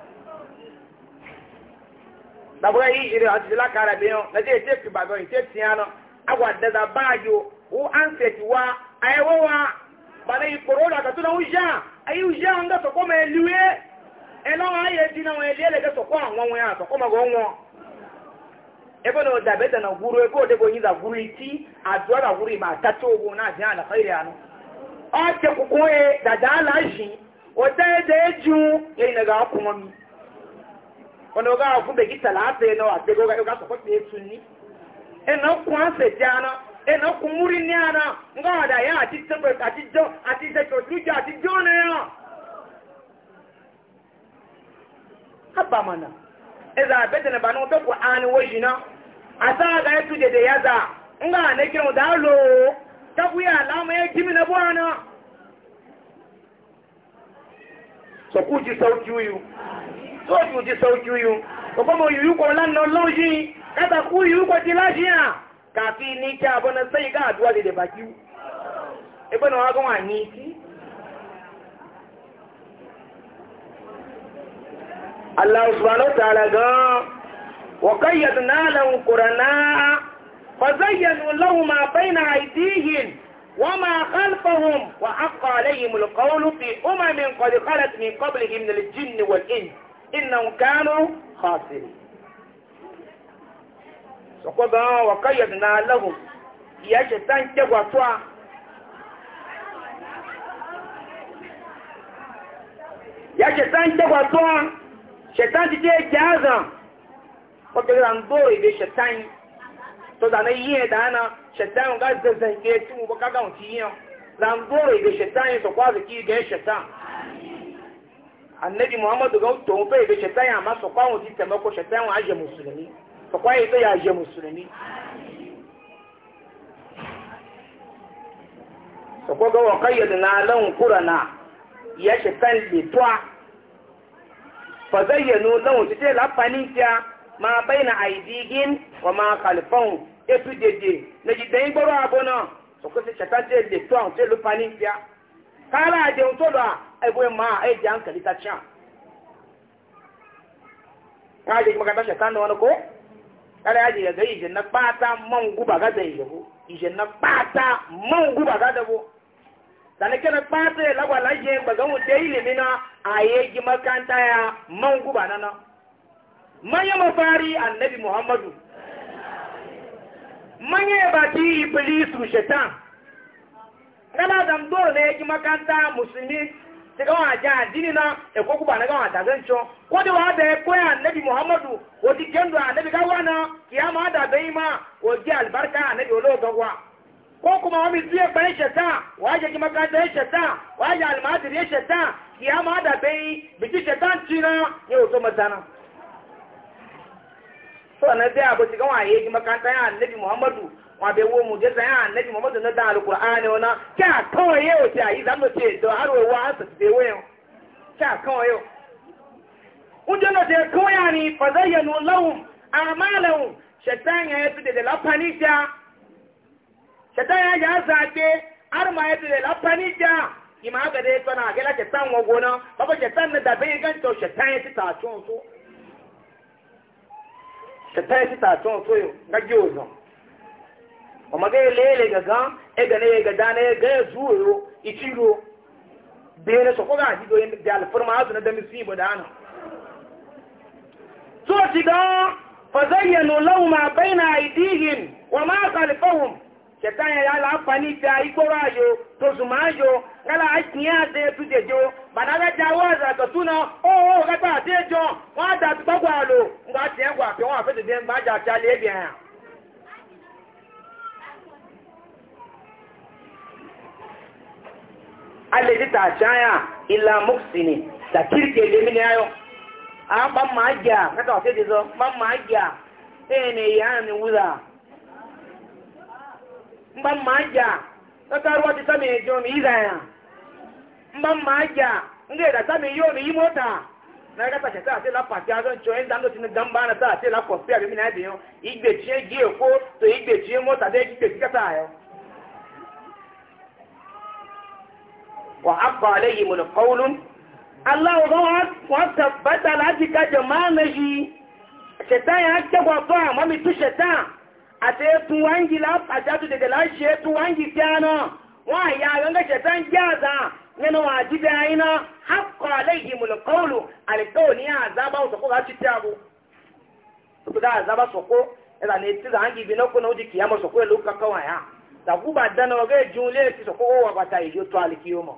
dabuga yi ire ati la kara be yon na je te kiba be te tiano agwa daza bayo u anset wa ayewo wa bana yi korona ka tuna uja ayi uja nga so ko me liwe elo aye dina we lele ke so ko anwon we aso ko mago won ebe no da beta na guru ebe ode go yin da guru iti adwa da guru ma tato ogun na jin ala khairi anu o te ku ko e da da la jin o te de ju yin na ga ku mo mi ọ̀nà ọ̀gá ọ̀fún bẹ̀gí tàlàtà ẹ̀nà àtẹ́gọ́ ọ̀gá sọ̀kọ́ ti esu ní ẹ̀nà kún àṣẹ̀jẹ́ àná ẹ̀nà kún múrí ní àná nga àdá yá àti tẹ́pẹ̀ àti jọ àti ìṣẹ̀kẹ̀ òṣìṣẹ́ àti jọ náà kábàmànà ẹ̀zà àbẹ́tẹ̀nà bá náà tẹ́kù àniwó yìí ná àtàgà ẹ̀tù dèdè yá zà ńgá ànẹ́kẹ́ ọ̀dà lò ó tẹ́kùyà láàmú ẹ̀ jí mi nà sóòtù ti sọ́jú yìí ọ̀pọ̀ mọ̀ yìí kọ̀ lánàá lọ́ọ̀ṣì kátà kú yìí kọ̀ ti láṣì à kàfi ní kí abọ́nà sẹ́yìn káàdúrà lè dẹ̀ bàjú ẹgbẹ́ náà wọ́n wà ní ìtì. Allah subhanahu wa ta'ala gan wa qayyadna lahum qurana fa zayyanu lahum ma bayna aydihim وما خلفهم وحق عليهم القول في أمم قد خلت من قبلهم من الجن والإنس إنهم كانوا خاسرين سقطا وقيدنا لهم يشتان تقوى ya shetan jagwatuwa shetan ti je jaza kwakwakwara an dore ibe shetan to da na yi da ana shetan ga zazzan ke tun kaga wuti yi zan dore ibe shetan yi so kwazi ki ga shetan annabi muhammadu ga to pe ga shaitan ya ma sokwa won ti temako shaitan wa aje musulmi sokwa yi ya aje musulmi sokwa ga wa qayyadna lahum qurana ya shaitan li twa fa zayyanu lahum ti la panitia ma baina aidihim wa ma khalfahum etu dede na ji dan gboro abona sokwa se shaitan te le twa on te lo panitia kala a ntọ tó a ẹgbẹ́ máa ẹ jẹ àǹkàlì ta chan ya je maka tasha kan da wani ko kala ya je ga ije na kpata man guba ga da ije ije na kpata man guba ga da bo dan ke na pata ya lagwa la je ba ga mu na aye ji makanta ya man guba na na manya mafari Anabi muhammadu manya ba ti iblisu na zam doro na yaji makanta musulmi ti ga wa ja dini na e ko kuba na ga wa da gancho ko de wa da ko ya nabi muhammadu o ti kendo nabi ga na kiyama da bai ma o ji albarka nabi olo ga wa ko kuma wa mi tiye ba shata wa ja ji makanta shata wa ja almadiri shata kiyama da bai biki shatan cina na o to mazana so na da abu ti ga wa yaji makanta ya nabi muhammadu wabe wo mu jesa ya annabi muhammadu na dan alqur'ani wana kya kawo yau ce yi zan ce to har wa wa ta ce wayo kya kawo yau unje no je kawai ni fazayanu lahum a'malahum shaitan ya yi da lafanija panisha shaitan ya ya sake har ma ya da lafanija ima ga dai tsana ga la shaitan wa gona baba shaitan na da bai ganto shaitan ya ci ta tun so shaitan ya ci ta tun yo ga gyo ọmọge elele gaga egane ye gada na ye gaya zuwero itiro bene so koga hido yin da alfarma azu na da musibo da ana so ci ga fazayyanu lahu ma baina aydihim wa ma khalfahum shetan ya la fani ta ikoro ayo to zumayo kala akiya de tujejo banaga jawaza to tuna o o kata tejo wa da gbagwa lo ngba ti e gwa pe won afete de ngba ja chale bi alle ji ta caya illa muksini da kirke da mini ayo a ban ma agiya kata wace da zo ban ma agiya sai ne ya ni wuza ban ma agiya kata ruwa ti sami jo ya. izaya ban ma agiya nge da sami yo ni yi mota na kata ke ta ce la pati azon cho en dando tin gamba na ta ce la kofi abi mini ayo igbe tie gi eko to igbe tie mota de igbe ti kata ayo وحق عليهم القول الله ضاعت وثبت لك جمانجي شتان يكتب وطاع ما متو شتان أتيتو وانجي لاب أتيتو دقلاش يتو وانجي تيانا وهي يانجا شتان جازا nínú àjíbẹ̀ àyíná hapkọ̀ aléyìí mùlùkọ́ọ̀lù àlètò ní àzábá òsòkó láti tí a bú. Tókùdá àzábá sòkó ẹ̀dà ní tí zàá ń gbìbí náà kúnná ó di kìyàmọ̀ sòkó ìlú kankan wà yá. Tàkùbà dáná ọgẹ́ ìjún lé ti sòkó ó wà bàtà ìjó tó àlèkí ó mọ̀.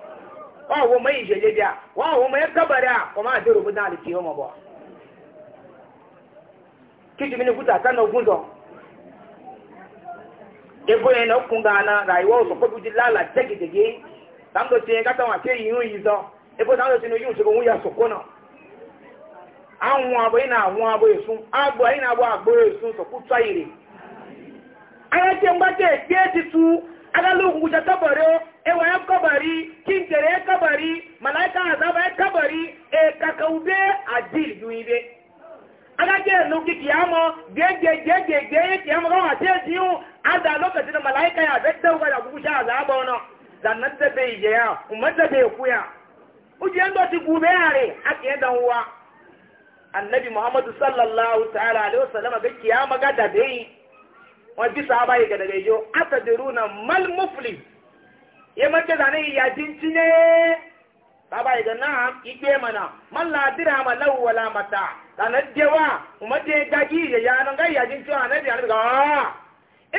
wa wo mai jeje dia wa wo mai kabara ko ma de rubuta da ciwo ma ba kiti mini kuta ta na gundo e ko ne ku ga na raiwa so ko buji lala tege tege tam do ka ta wa te yin yi so e ko tam do tinu yin so ko ya so ko na àwọn abo ina àwọn abo esun agbo ina abo agbo esun so ku tsaire ayete ngba te ti tu alalun wuce kabaro ewa ya kabari kinkere ya kabari malaika azaba ya kabari e kakaube adil yuibe agage nu ki kiyamo gege gege gege kiyamo ga wa te jiu ada lokacin malaika ya zai ga da gusha azaba wono zannan da bai je ya umma da bai kuya uje ndo ti gube yare ake dan uwa annabi muhammadu sallallahu ta'ala alaihi wasallam ga kiyama ga da bai wọn ji sahaba yi gada gaijo ata diruna mal mufli ya mace zane ya jinci ne sahaba yi gana ike mana man la dirhama lahu wala mata dana dewa kuma de gagi ya yanan ga ya jinci wa nabi annabi ga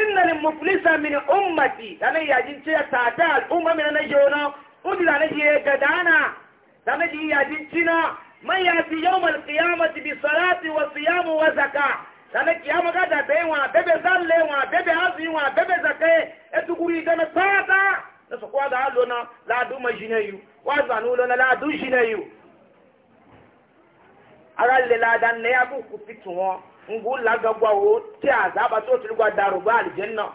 inna ni muflisa min ummati dana ya jinci ya ta al'umma umma min na jona udi dana je gadana dana ji ya jinci na man yati yawm al qiyamati bi salati wa siyam wa zakah sana kiyama ga da bai wa bebe zalle wa bebe hazi wa bebe zakaye e tukuri ga na fata na su kwa da halo na ladu ma jine yu wa zanu lo na ladu jine yu ara le ladan ne ya ku ku fitu won ngu laga gwa wo ti azaba to tiri gwa daru ba aljanna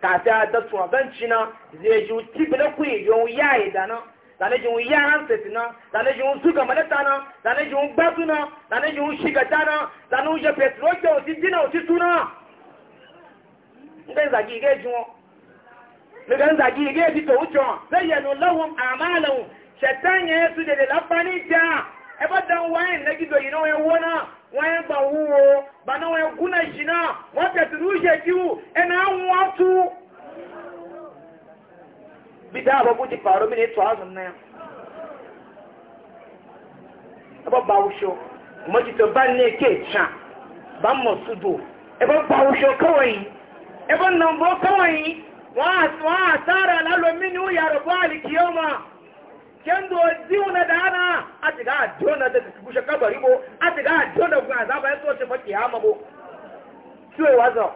ka ta da tuwa ban china zai ju ti bele ku yi yon yayi dana zane jin ya hanset na zane jin suga malata na zane jin gbatu na zane jin shiga ta na zane jin petrol ke osi dina osi tuna nga zagi ige jin o nga zagi ige bi to ucho zayyanu lahum a'malahum shaitan ya su de la pani ja e ba dan wayin na gido yino ya wona wayin ba wuwo ba na wayin guna jina wa petrol je kiu e na watu bida ba buji faru mini to azun ya. ebe ba wusho kuma ji to ban ne ke cha ban mo sudo ebe ba wusho kawai ebe nan bo kawai wa bụ alikioma. la lo mini ya rabu alikiyoma kendo diuna dana atiga adiona da kubusha kabari bo atiga adiona ku azaba yaso e ce fa kiyama bo suwe wazo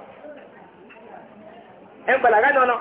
en balaga nono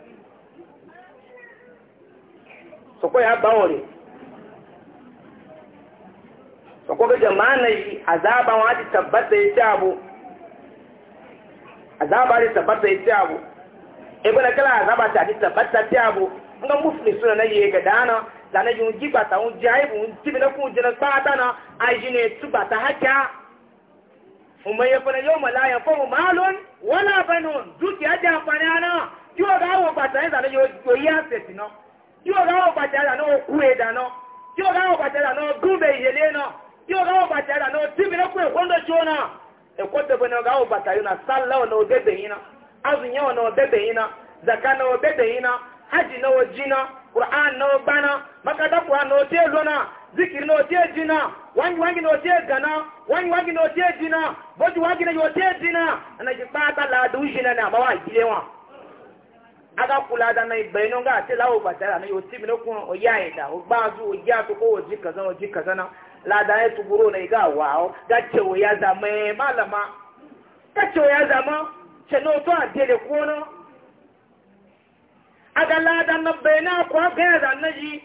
soko ya bawore soko ga jama'a yi azaba wa ji tabbata ya ci abu azaba ji tabbata ya ci abu ibn kala azaba ta ji tabbata ci abu nga mufli suna na yi ga dana da na yi ji bata un ji aibu un tibi na kun jina sata na aji ne tu bata haka umma ya fara yau malaya fa mu malun wala banun dukiya da amfani ana kiwa ga awo bata ne da na yi yi asesi na tí ó ráwọ̀ pàtàrà náà kú èdà náà tí ó ráwọ̀ pàtàrà náà gúnbẹ̀ ìyẹlé náà tí ó ráwọ̀ pàtàrà náà tíbi lọ́pọ̀ ẹ̀kọ́ ńlọ tí ó náà ẹ̀kọ́ tẹ̀bọ̀ náà ráwọ̀ pàtàrà náà sálà ọ̀nà ọ̀bẹ̀bẹ̀ yìí náà azùnyẹ́ ọ̀nà ọ̀bẹ̀bẹ̀ yìí náà zaka náà ọ̀bẹ̀bẹ̀ yìí náà hajj náà ọjí náà quran náà gbá náà makata quran náà ọtí èlò náà zikiri náà ọtí èjì náà wáyé wáyé náà ọtí ègà náà wáyé wáyé náà ọtí èjì náà bójú wáyé náà ọtí èjì náà ẹnìyàn pátá làdúù yìí náà ní àbáwá ìdílé wọn aga kula da na igbe inu ga ati lawo batara na yoti mi nokun oya ida o gba azu o ja to ko o ji kazan o ji kazan na la da e tuguro na iga wa o ga che o ya za me malama ga che o ya za ma che no to ade le ku no aga la da na be na ko ga za na ji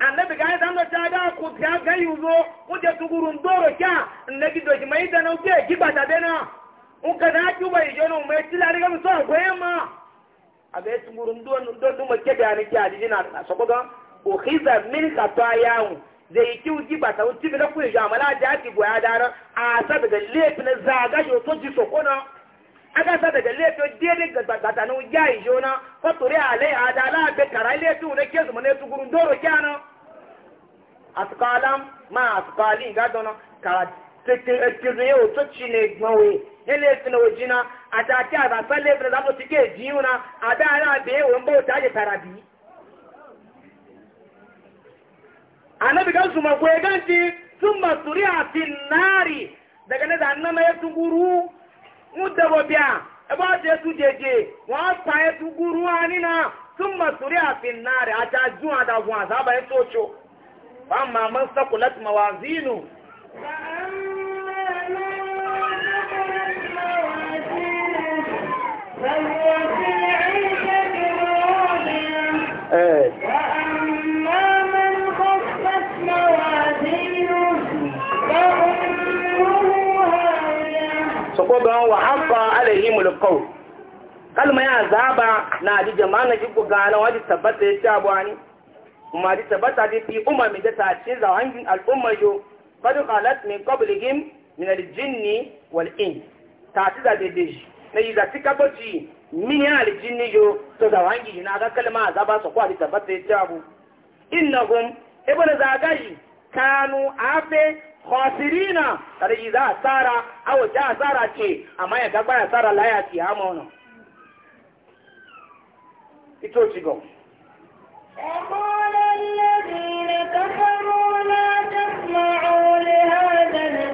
annabi ga za na ta ga ku ga ga yuzo ku je tuguru ndoro ja nnabi do ji mai da na o je ji bata be na un ka na ju ba ijo no me ti la ri ga so agwe ma aga ya tumuru don duma da a jijina a sakogon ukhiza min khatayahu zai yi kiwu ji ba ta wuce bi na kuyi da goya a sa daga lefi na zaga yo to ji sa daga lefi o dede ga yi ko turi kara lefi ne ke ne tugurun doro ma ga dono tuntun yau to ci ne jina, yẹlẹ ìsinmi òjì náà àtàkì àbàfẹ́ lẹ́bìnrin láti ti ké ìdíyún náà àbẹ́ aláàbẹ̀ òun bó tààjẹ̀ tààrà bìí. annabi kan su makwai ganci sun masuri a finnari daga na na ya tuguru mudda babiya ya ba ta ya wa fa ya tuguru anina sun masuri a finnari a ta zuwa da zuwa zaba ya soco ba ma man sakulat sokoban wa haɓa alaihi kalma ya zaba na ji jama'a na jiku gana wajen tabbata ya ci abuwa ne kuma ji tabbata ji fi umar mai jata ce za hangin al'ummar yau kadu halat min kabiligin min aljinni wal'in ta ci zaɓe da shi na yi zaci kaboti min ya da ni yo to da wangi shi na ga kalma za ba su kwari tabbata ya ci abu innahum ibn e zagayi kanu afe khasirina kada yi za a tsara awa ja asara ce amma ya gaba ya tsara laya ci ha mauna ito ci go وقال الذين كفروا لا تسمعوا لهذا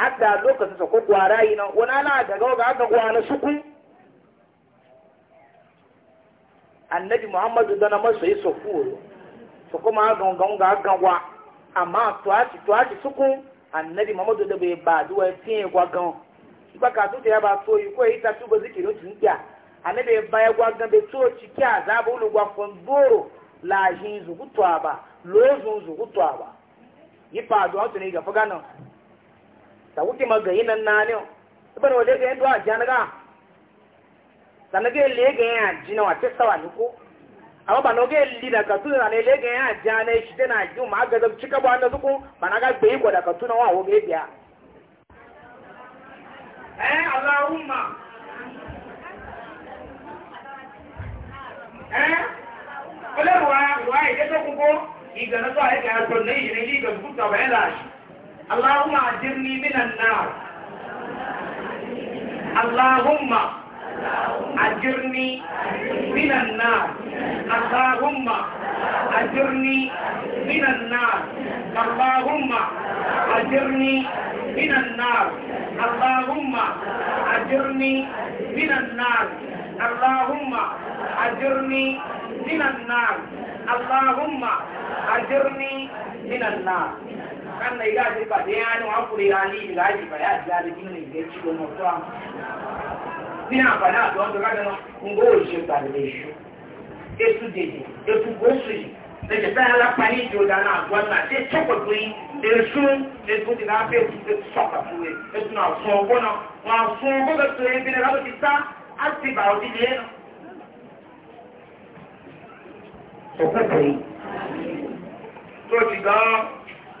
adda lokacin sa ko gwara yi na wani ala daga ga aka gwara suku annabi muhammadu dana masu yi sofu su kuma gangan ga gagwa amma tuwaci tuwaci suku annabi muhammadu da bai ba duwa fiye gwagan ba ka su ya ba so yi ko yi ta no zikirin tunkiya annabi ya baya gwagan bai ci kya a zaba ulu gwafon doro lajin zuhutuwa ba lozun zuhutuwa ba yi faduwa ne ga fuganan sawuti magayi nan nani ibana wale ga yadda ajiyar ga sanage lege ya ji na wace sawa duku amma ba noge li da katu na ne lege ya ji na shi da na ji ma ga zab cika ba na duku ba na ga gbe ko da katu na wawo ga biya eh allahumma eh kula ruwa ruwa ya ta kuko igana to ai ga to ne ne ga buta ba ya lashi اللهم أجرني من النار اللهم أجرني من النار اللهم أجرني من النار اللهم أجرني من النار اللهم أجرني من النار اللهم أجرني من النار اللهم أجرني من النار kan na iga ji pàdé ánú ápùlé alí ìlà ìbàyà àti alìkínú ìgbé tí ó mọ̀ tó àmà ní àǹfààní àti ọ̀dọ́ kájọ́nà ń gbó òṣè pàdé èṣù ètù dèjì ètù gbóṣù yìí lẹ́jẹ̀ fẹ́ alápá ní ìjọ dáná àgbọn náà ṣe tọ́pọ̀ tó yí èṣù ètù ti náà fẹ́ ètù tó sọ̀kà fún mi ètù náà sún ọgbọ́n náà wọn sún ọgbọ́n tó yẹ bí náà lọ́wọ́ ti sá á ti bà ọ́ dídì yẹn náà. Sọ̀kọ̀ tó yí. Tó ti gan-an.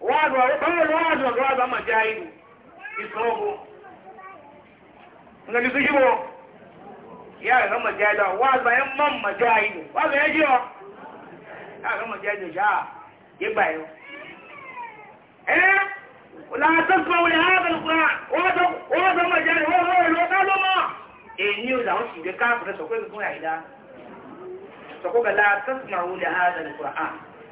wazo bawal wazo ga wazo ma jayi isogo ngani su jibo ya ga ma jayi da wazo yan man ma jayi wazo ya ji jiyo ya ga ma jayi da sha ya bayo eh ولا تسمعوا لهذا القران وهذا وهذا ما جاء وهو لو قالوا ما اني لا اسجد كافر سوكو يكون عيدا سوكو لا تسمعوا لهذا القران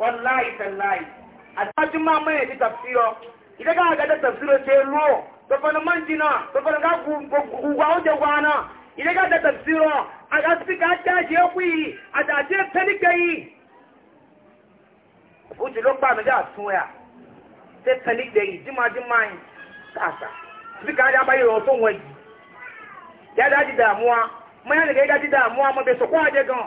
wallahi tallahi a tajin ma mai ji tafsiro ita ga ga da tafsiro ce lo to fa man jina to fa ga gugwa o gwana ita ga da tafsiro a ga su ga ta je ku yi a da je tani kai o ji lo pa mi da tun ya te tani de yi jima jima yi kasa bi ga da bayi o to won yi ya da ji damuwa mai ne ga ji damuwa mo be so kwa je gan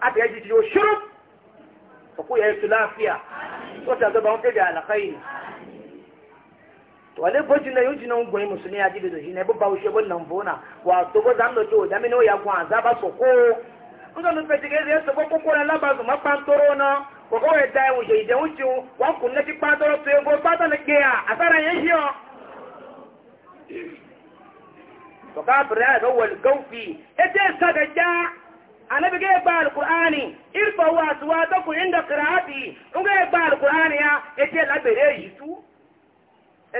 aka yaji ciwo shirin ka ku yayi su lafiya ko ta zaba wata da alkhairi to ale boji na yuji na ngwe musulmi ajibi do hine baba ushe bon nan bona wa to go zan do to da mino ya kwa za ba so ko ngo no pete ke yeso ko ko na laba zo mapan toro na ko ko e dai uje ide uju wa kun na ti pa toro to e go pa ta ke ya a ye hio to ka bra do wal gaufi e te sa ga ja annabi ga ba alqur'ani irfa wa suwa ta ku inda qira'ati in ga ba alqur'ani ya yace labere yitu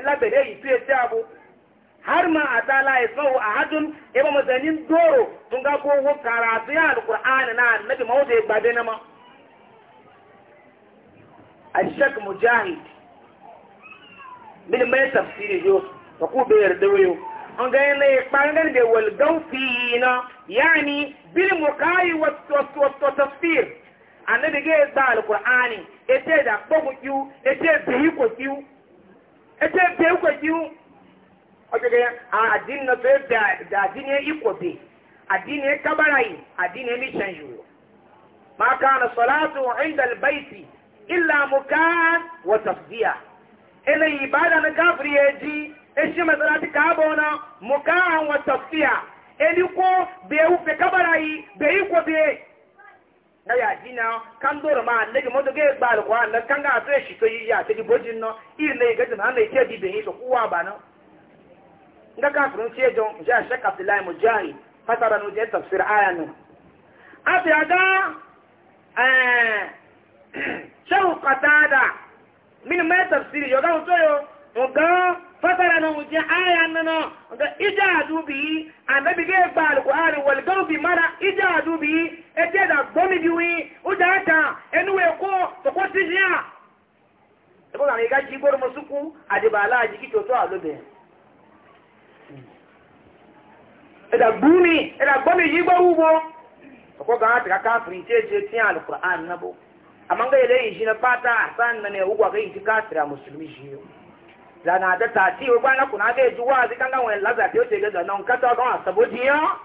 labere yitu yace abu har ma atala yasau ahadun ba mazanin doro tun ga ko wo karatu ya alqur'ani na annabi mawde gbabe na ma ashak mujahid min mai tafsiri yo ku be yarda yo an ga ne pa da wal gawfi na yani bil mukai wa wa tafsir annabi ga da alqur'ani ete da kpogu kiu ete bihi ko kiu ete bihi ko kiu ojo ga a din na to da da din ye iko be adin ye kabarai adin ye mi chanju ma kana salatu inda albayt illa mukan wa tasdiya ila ibada na kafiri ye ji eshi masalati kabona mukan wa tasdiya eliko be kabarayi be iko be na ya dina kan doro ma ne mo to ge ba ko an kan ga to e shi to yi ya ti bojin no ir ne ga na ne ke di be yi to kuwa ba no nga ka furun ce don ja shek abdullahi jari fasara no je tafsir aya no abi aga eh sharu qatada min ma tafsir yo ga to yo mo ga fasara na wuce aya nana ga ija dubi annabi ga ba alqur'ani wal garbi mara ija dubi ete da gomi biwi uja ta enuwe ko to ko tijiya e ko ga ga ji gor musuku adibala ji ki to to alobe eda gumi eda gomi ji gor ubo to ko ga ta ka fri je je tin alqur'an nabo amma ga ile yi shi na san na ne ugwa ga yi kafira musulmi shi yo zana da ta ci wa kwana kuna ga ji wa zai kan gawo laza ta yace ga zanon ka ta gawa saboji ya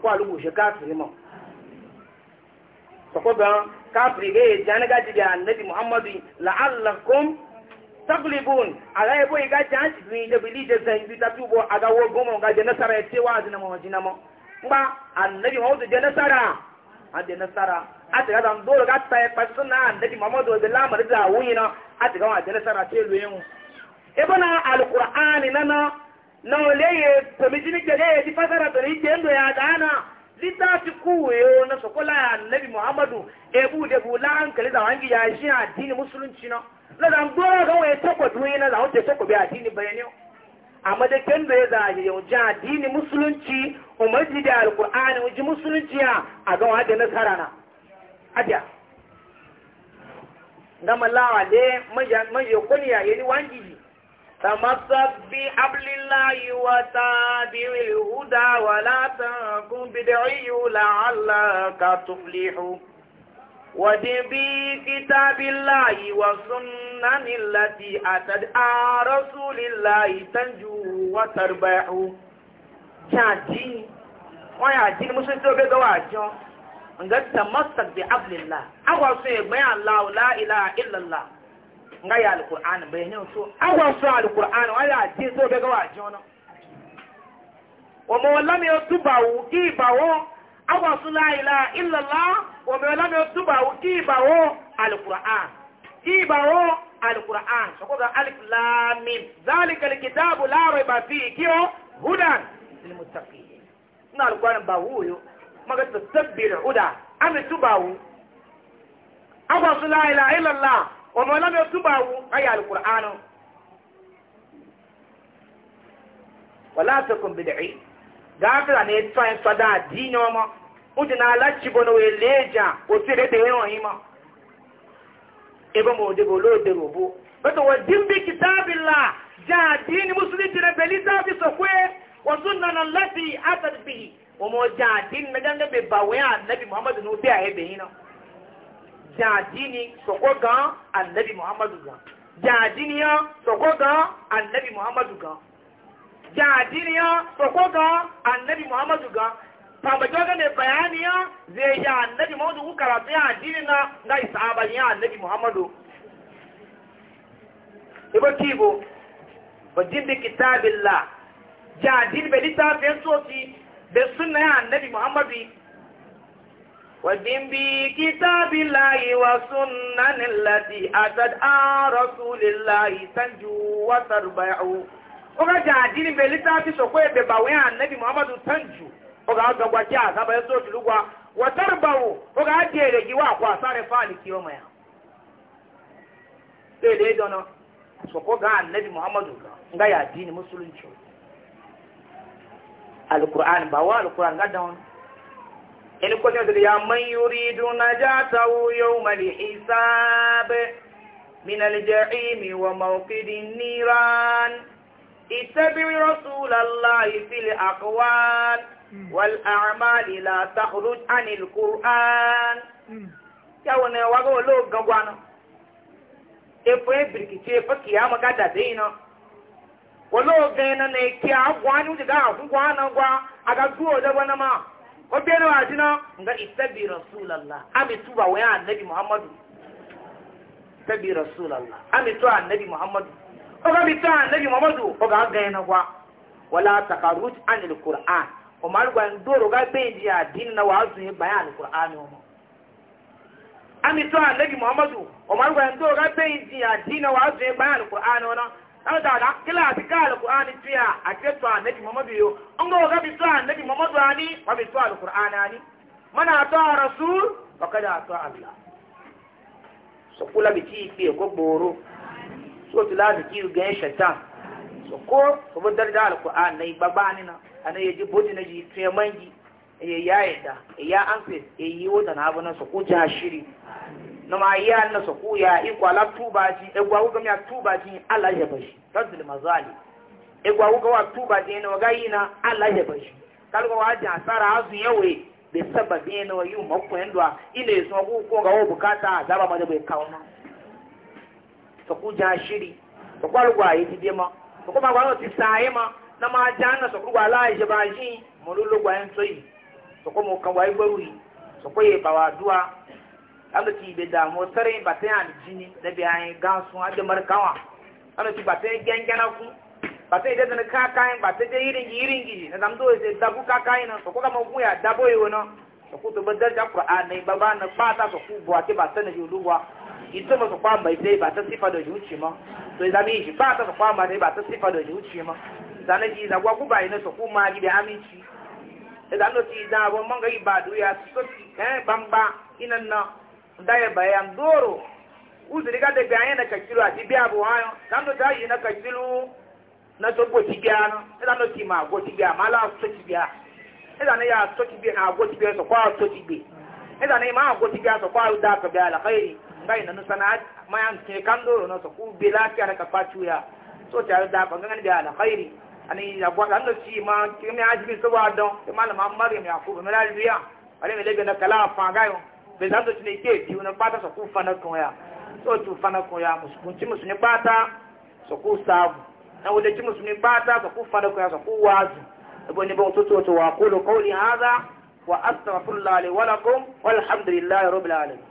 kwa lugu shi ka tsiri mo ko ga ka fri ga jana ga ji da annabi muhammadu la'allakum taglibun ala ebo ga jan ji ni da bili da zan bi ta tubo aga wo gomo ga jana sara ce wa zina mo jina mo ba annabi muhammadu janasara? a janasara. sara ati ga dan dole ga ta e pasuna annabi muhammadu da lamar da wuyina ati ga wa jana janasara ce luyin ebona alqur'ani nana na oleye tomijini gege ti fasara to ni jendo ya dana litafi kuwe na sokola ya nabi muhammadu ebu de bu bula hankali da wangi ya shi dini musulunci na na dan gora ga waye toko duwe na da hote toko bi addini bayani amma da kendo ya da ya ji addini musulunci umarji da alqur'ani ji musulunci ya a ga wa da nasara na adiya ngama lawa de manja manja kunya yeli wangi تمسك بحبل الله وتابع الهدى ولا تكن بدعي لعلك تفلح ودن بكتاب الله والسنن التي أتت رسول الله تنجو وتربح شاتي ويا دين مسلم توبه دواجون nga tamassak bi abdillah awa so ye gbayan la ilaha illallah nga ya alkur'ani bai ne so agwa so alkur'ani wala ji so be ga waje ono wa ma wala me tubawu ki bawo agwa so la ilaha illa allah wa ma wala me tubawu ki bawo alkur'an ki bawo alkur'an so ga alif lam mim zalika alkitabu la raiba fihi kiyo hudan lil muttaqin na alkur'an bawo yo maga tasabbir huda ami tubawu agwa so la ilaha illa allah ọmọ ọlọ́mọ túbọ̀ àwọ ayé alukur'anu wọlé àtọkùn bìdìrì gáfíà ní ètò ẹ̀ sọdá àdí ní ọmọ ó dì náà aláṣìbọn ní wọ́n lé ìjà òtún èdè tẹ̀yẹ́ wọ̀nyí ebe ọmọ jẹ́ àdí ní mẹ́gàngán bàwẹ́ ànábì muhammadu ní ó bẹ́ àyẹ̀bẹ̀ náà jadini soko gan annabi muhammadu gan jadiniya soko gan annabi muhammadu gan jadiniya soko gan annabi muhammadu gan tabajo ga ne bayaniya zai ya annabi muhammadu ku karatu ya jini na ga isaba ya annabi muhammadu ibo kibo wajin bi kitabillah jadin be litafin soci da sunna ya annabi muhammadu ودين بكتاب الله والسنن التي أتت عن رسول الله تنجو وتربع ọgájà àdínní bẹ lítàfí sọ̀kọ́ ẹ̀bẹ̀ bàwẹ́ ànábì muhammadu tanju ọgá ọgbàgbà jẹ́ àsábà ẹ̀sọ́ òtùlúgba wọ́tẹ́rùbàwò ọgá àjẹ́ èrè yíwá àpò àsáré ya. kí ọmọ yà. léèdè dọ́nà sọ̀kọ́ gá ànábì muhammadu ngáyà àdínní mùsùlùmí. in kwacin da ya man yuridu na ja ta wuyo mali hisabe min alja'imi wa mawqidin niran ittabi rasulallahi fil aqwal hmm. wal a'mali la takhruj anil qur'an hmm. yawo ne wago lo gagwana efo ebirikiti efo kiyama gada deina wolo gena ne ki agwani udiga agwani gwa aga wabiyar wa jina ga istabi rasulallah amitu ba wani annabi muhammadu istabi rasulallah amitu annabi muhammadu o ga muhammadu o ga na wala takarut an o ma ndoro ga na o muhammadu o ma ndoro ga na o ada da kila ti ka alqur'ani tiya a ce to annabi muhammadu yo an ga ga bi to annabi muhammadu ani wa bi to alqur'ani ani mana to rasul wa kada to allah so kula bi ti fi ko gboro so ti la bi ki ga shaitan so ko so bo darda alqur'ani nai babani na ana yaji bodi na ji tiya mangi ya yayi da ya e yi wata na abu na so ko jashiri noma ya na soko ya ikwa la tuba ji egwa uga mya tuba ji Allah ya bashi tazil mazali egwa uga wa tuba ji e na waga yina Allah ya bashi kalgo wa ji asara azu yawe be sababi e na wayu makwendwa ile so ku e ko ga bukata azaba ma da bai kauna soko ja shiri soko algwa yi ti ma soko ma gwa ti sai ma na ma ja na soko gwa la je ba ji mululu gwa en so yi soko mo kan wa igberu yi soko ye ba wa dua alo ti ibe damu sere bate ani jini lebi anyi gansu ade mari kawa alo ti bate gengena ku bate ide tene kakai bate de na dam do dabu kakai na soko kama ku ya dabo iwe e soko to qur'an na pata bo ate na ito mo sifa do yuchi mo to mi ji pata soko amba sifa do yuchi mo ji gwa ma gi be amichi e ti da bo manga ibadu ndaye bayan doro uzuri ga daga na kakilu ati biya bu hayo kando ta yi na kakilu na to go tibiya no ida no ti ma go tibiya ma la so tibiya ida ne ya so tibiya na go tibiya so kwa so tibi ida ne ma go tibiya so kwa da ka biya la khairi ngai na nusana ma yan ke kando no so ku bila ka ka pachu ya so ta da ka ngani biya la khairi ani ya gwa ando ti ma me ajibi so wa don ma la ma mariam ya ku me la riya ale me le na kala fa gayo bai za su ci ne ke biyu na bata su ku fana kan ya so tu fana kan ya musu ci musu ne bata su ku sabu na wuda ci musu ne bata su ku fana kan ya su ku wazu abu ne ba wato to wa qulu qawli hadha wa astaghfirullah li wa lakum walhamdulillahi rabbil alamin